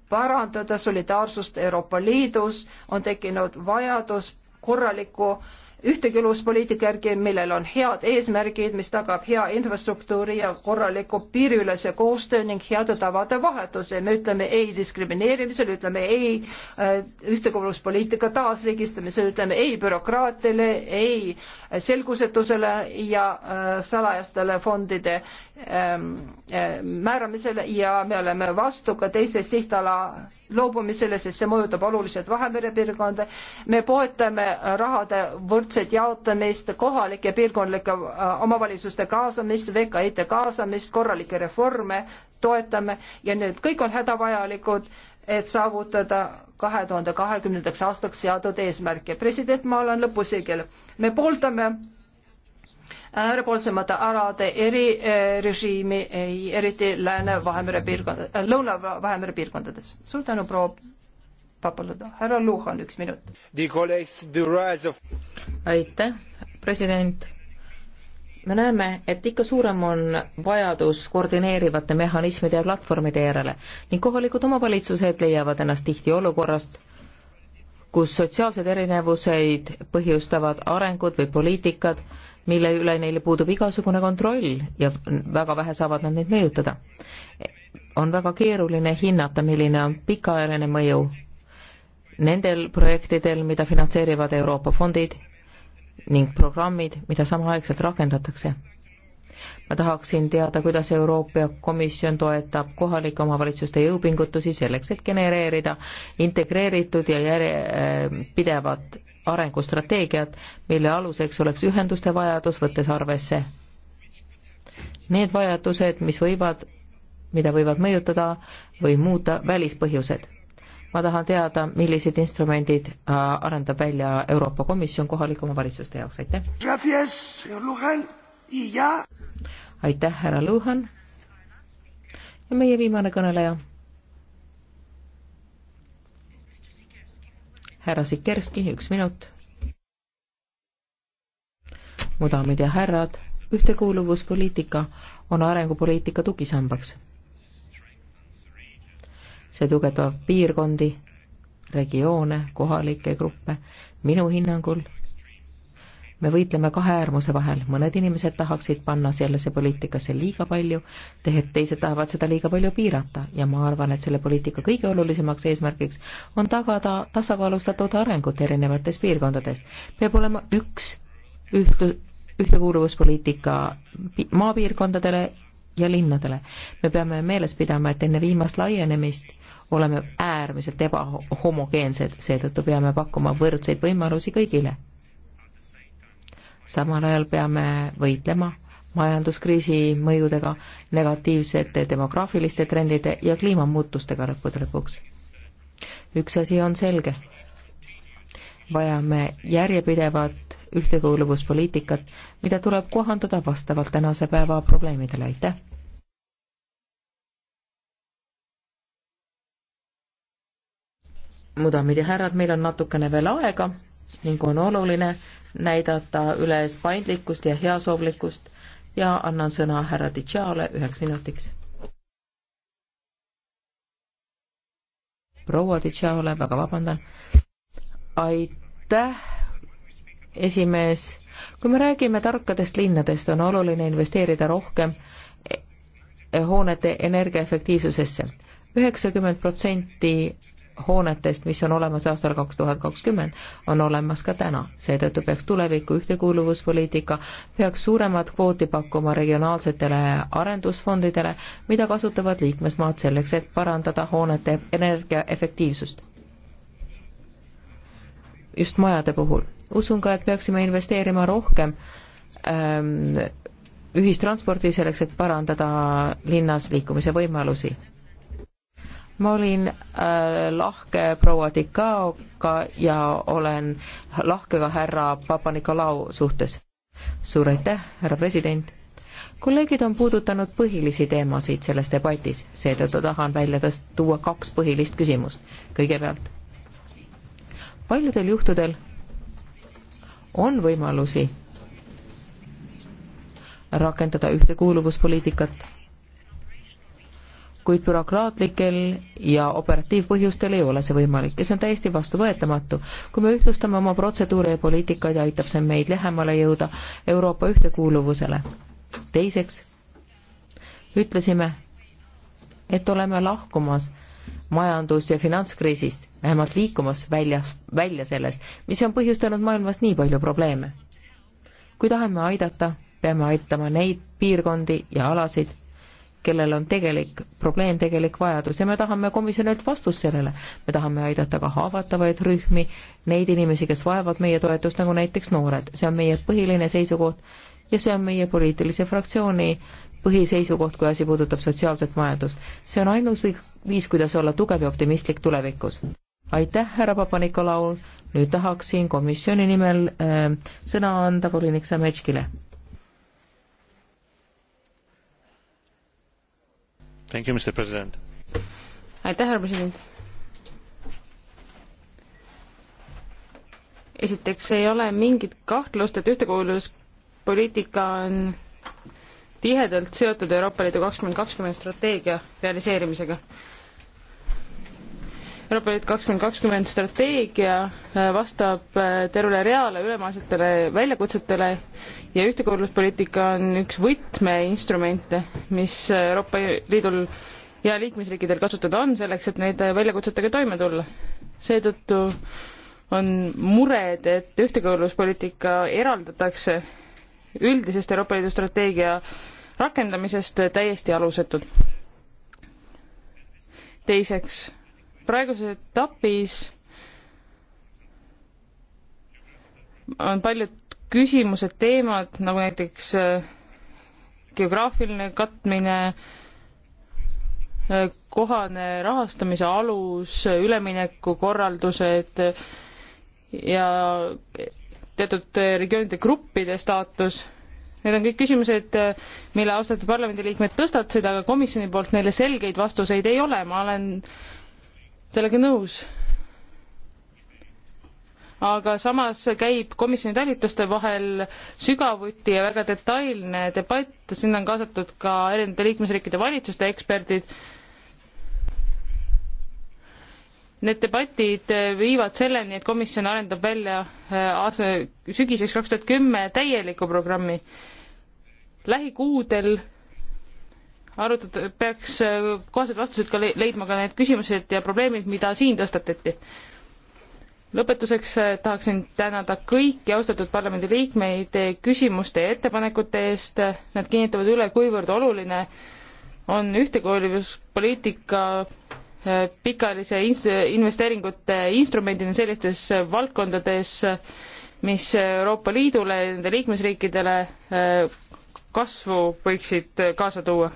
parandada solidaarsust Euroopa Liidus, on tekkinud vajadus korraliku ühtekülluspoliitika järgi, millel on head eesmärgid, mis tagab hea infrastruktuuri ja korraliku piiriülese koostöö ning heade tavade vahetuse. me ütleme ei diskrimineerimisele, ütleme ei äh, ühtekülluspoliitika taasriigistamisele, ütleme ei bürokraatiale, ei selgusetusele ja äh, salajastele fondide ähm, äh, määramisele ja me oleme vastu ka teise sihtala loobumisele, sest see mõjutab oluliselt Vahemere piirkonda. me poetame rahade võrdse võrdset jaotamist, kohalike piirkondlike äh, omavalitsuste kaasamist, VKI-de kaasamist, korralikke reforme toetame ja need kõik on hädavajalikud, et saavutada kahe tuhande kahekümnendaks aastaks seatud eesmärke. president, ma olen lõpusõigel. me pooldame äärepoolsemate alade erirežiimi, äh, eriti Lääne-Vahemere piirkond, Lõuna-Vahemere piirkondades. suur tänu, proua Papaludo. härra Luhan, üks minut. aitäh, president. me näeme, et ikka suurem on vajadus koordineerivate mehhanismide ja platvormide järele ning kohalikud omavalitsused leiavad ennast tihti olukorrast, kus sotsiaalseid erinevuseid põhjustavad arengud või poliitikad, mille üle neil puudub igasugune kontroll ja väga vähe saavad nad neid mõjutada. on väga keeruline hinnata, milline on pikaajaline mõju nendel projektidel, mida finantseerivad Euroopa fondid ning programmid, mida samaaegselt rakendatakse. ma tahaksin teada, kuidas Euroopa Komisjon toetab kohalike omavalitsuste jõupingutusi selleks, et genereerida integreeritud ja järjepidevat äh, arengustrateegiat, mille aluseks oleks ühenduste vajadus, võttes arvesse need vajadused, mis võivad, mida võivad mõjutada või muuta välispõhjused ma tahan teada, millised instrumendid äh, arendab välja Euroopa Komisjon kohalike omavalitsuste jaoks, aitäh! aitäh, härra Luhan! ja meie viimane kõneleja, härra Sikerski, üks minut. mu daamid ja härrad, ühtekuuluvuspoliitika on arengupoliitika tugisambaks see tugevdab piirkondi, regioone, kohalikke gruppe. minu hinnangul me võitleme kahe äärmuse vahel, mõned inimesed tahaksid panna sellesse poliitikasse liiga palju, teised tahavad seda liiga palju piirata ja ma arvan, et selle poliitika kõige olulisemaks eesmärgiks on tagada tasakaalustatud arengut erinevates piirkondades. peab olema üks ühtlu-, ühtekuuluvuspoliitika maapiirkondadele ja linnadele. me peame meeles pidama, et enne viimast laienemist oleme äärmiselt ebahomogeensed, seetõttu peame pakkuma võrdseid võimalusi kõigile. samal ajal peame võitlema majanduskriisi mõjudega, negatiivsete demograafiliste trendide ja kliimamuutustega lõppude lõpuks. üks asi on selge. vajame järjepidevat ühtekuuluvuspoliitikat, mida tuleb kohandada vastavalt tänase päeva probleemidele, aitäh! mu daamid ja härrad, meil on natukene veel aega ning on oluline näidata üles paindlikkust ja heasoovlikkust ja annan sõna härra Tšaale üheks minutiks. proua Tšaale, väga vabandan. aitäh, esimees. kui me räägime tarkadest linnadest, on oluline investeerida rohkem e-, e-, hoonete energiaefektiivsusesse. üheksakümmend protsenti hoonetest, mis on olemas aastal kaks tuhat kakskümmend, on olemas ka täna. seetõttu peaks tuleviku ühtekuuluvuspoliitika, peaks suuremat kvooti pakkuma regionaalsetele arendusfondidele, mida kasutavad liikmesmaad selleks, et parandada hoonete energiaefektiivsust. just majade puhul. usun ka, et peaksime investeerima rohkem ähm, ühistranspordi selleks, et parandada linnas liikumise võimalusi Mä olin äh, lahke proua Tikaoka ja olen lahke ka härra Papa-Nikolau suhtes. suur aitäh, härra president. kolleegid on puudutanud põhilisi teemasid selles debatis, seetõttu tahan välja tõst-, tuua kaks põhilist küsimust. kõigepealt, paljudel juhtudel on võimalusi rakendada ühtekuuluvuspoliitikat kuid bürokraatlikel ja operatiivpõhjustel ei ole see võimalik ja see on täiesti vastuvõetamatu. kui me ühtlustame oma protseduure ja poliitikaid, aitab see meid lähemale jõuda Euroopa ühtekuuluvusele. teiseks ütlesime, et oleme lahkumas majandus- ja finantskriisist, vähemalt liikumas väljas, välja sellest, mis on põhjustanud maailmas nii palju probleeme. kui tahame aidata, peame aitama neid piirkondi ja alasid, kellel on tegelik probleem, tegelik vajadus ja me tahame komisjonilt vastust sellele. me tahame aidata ka haavatavaid rühmi, neid inimesi, kes vajavad meie toetust, nagu näiteks noored. see on meie põhiline seisukoht ja see on meie poliitilise fraktsiooni põhiseisukoht, kui asi puudutab sotsiaalset majandust. see on ainus viis, kuidas olla tugev ja optimistlik tulevikus. aitäh, härra Papa-Nikolaul, nüüd tahaksin komisjoni nimel äh, sõna anda volinik Sametškile aitäh, härra president. esiteks ei ole mingit kahtlust, et ühtekuuluvuspoliitika on tihedalt seotud Euroopa Liidu kakskümmend kakskümmend strateegia realiseerimisega Euroopa Liit kakskümmend kakskümmend strateegia äh, vastab äh, tervele reale ülemaailmsetele väljakutsetele ja ühtekuuluvuspoliitika on üks võtmeinstrumente, mis Euroopa Liidul ja liikmesriikidel kasutada on selleks, et neid äh, väljakutsetega toime tulla. seetõttu on mured, et ühtekuuluvuspoliitika eraldatakse üldisest Euroopa Liidu strateegia rakendamisest täiesti alusetud. teiseks praeguses etapis on paljud küsimused, teemad nagu näiteks äh, geograafiline katmine, äh, kohane rahastamise alus, üleminekukorraldused ja teatud äh, regioonide gruppide staatus. Need on kõik küsimused, mille austatud parlamendiliikmed tõstatasid, aga komisjoni poolt neile selgeid vastuseid ei ole. ma olen sellega nõus. aga samas käib komisjoni talituste vahel sügavuti ja väga detailne debatt, sinna on kaasatud ka erinevate liikmesriikide valitsuste eksperdid. Need debatid viivad selleni, et komisjon arendab välja äh, aasta, sügiseks kaks tuhat kümme täieliku programmi lähikuudel arutada, peaks äh, kohased vastused ka leidma ka need küsimused ja probleemid, mida siin tõstatati. lõpetuseks äh, tahaksin tänada kõiki austatud parlamendiliikmeid küsimuste ja ettepanekute eest, nad kinnitavad üle, kuivõrd oluline on ühtekoolituspoliitika äh, pikaajalise investeeringute instrumendina sellistes valdkondades, mis Euroopa Liidule ja nende liikmesriikidele kasvu võiksid kaasa tuua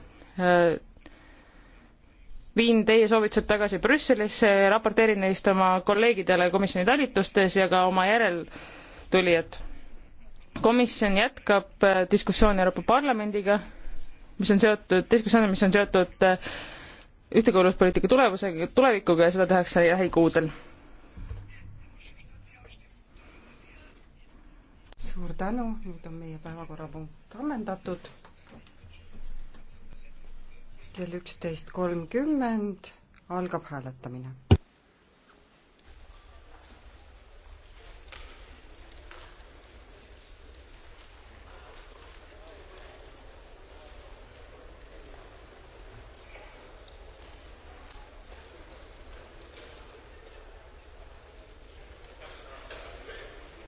viin teie soovitused tagasi Brüsselisse, raporteerin neist oma kolleegidele komisjoni talitustes ja ka oma järeltulijad. komisjon jätkab äh, diskussiooni Euroopa Parlamendiga, mis on seotud, diskussioone, mis on seotud äh, ühtekuuluvuspoliitika tulevusega, tulevikuga ja seda tehakse lähikuudel. suur tänu, nüüd on meie päevakorrapunkt ammendatud kell üksteist kolmkümmend algab hääletamine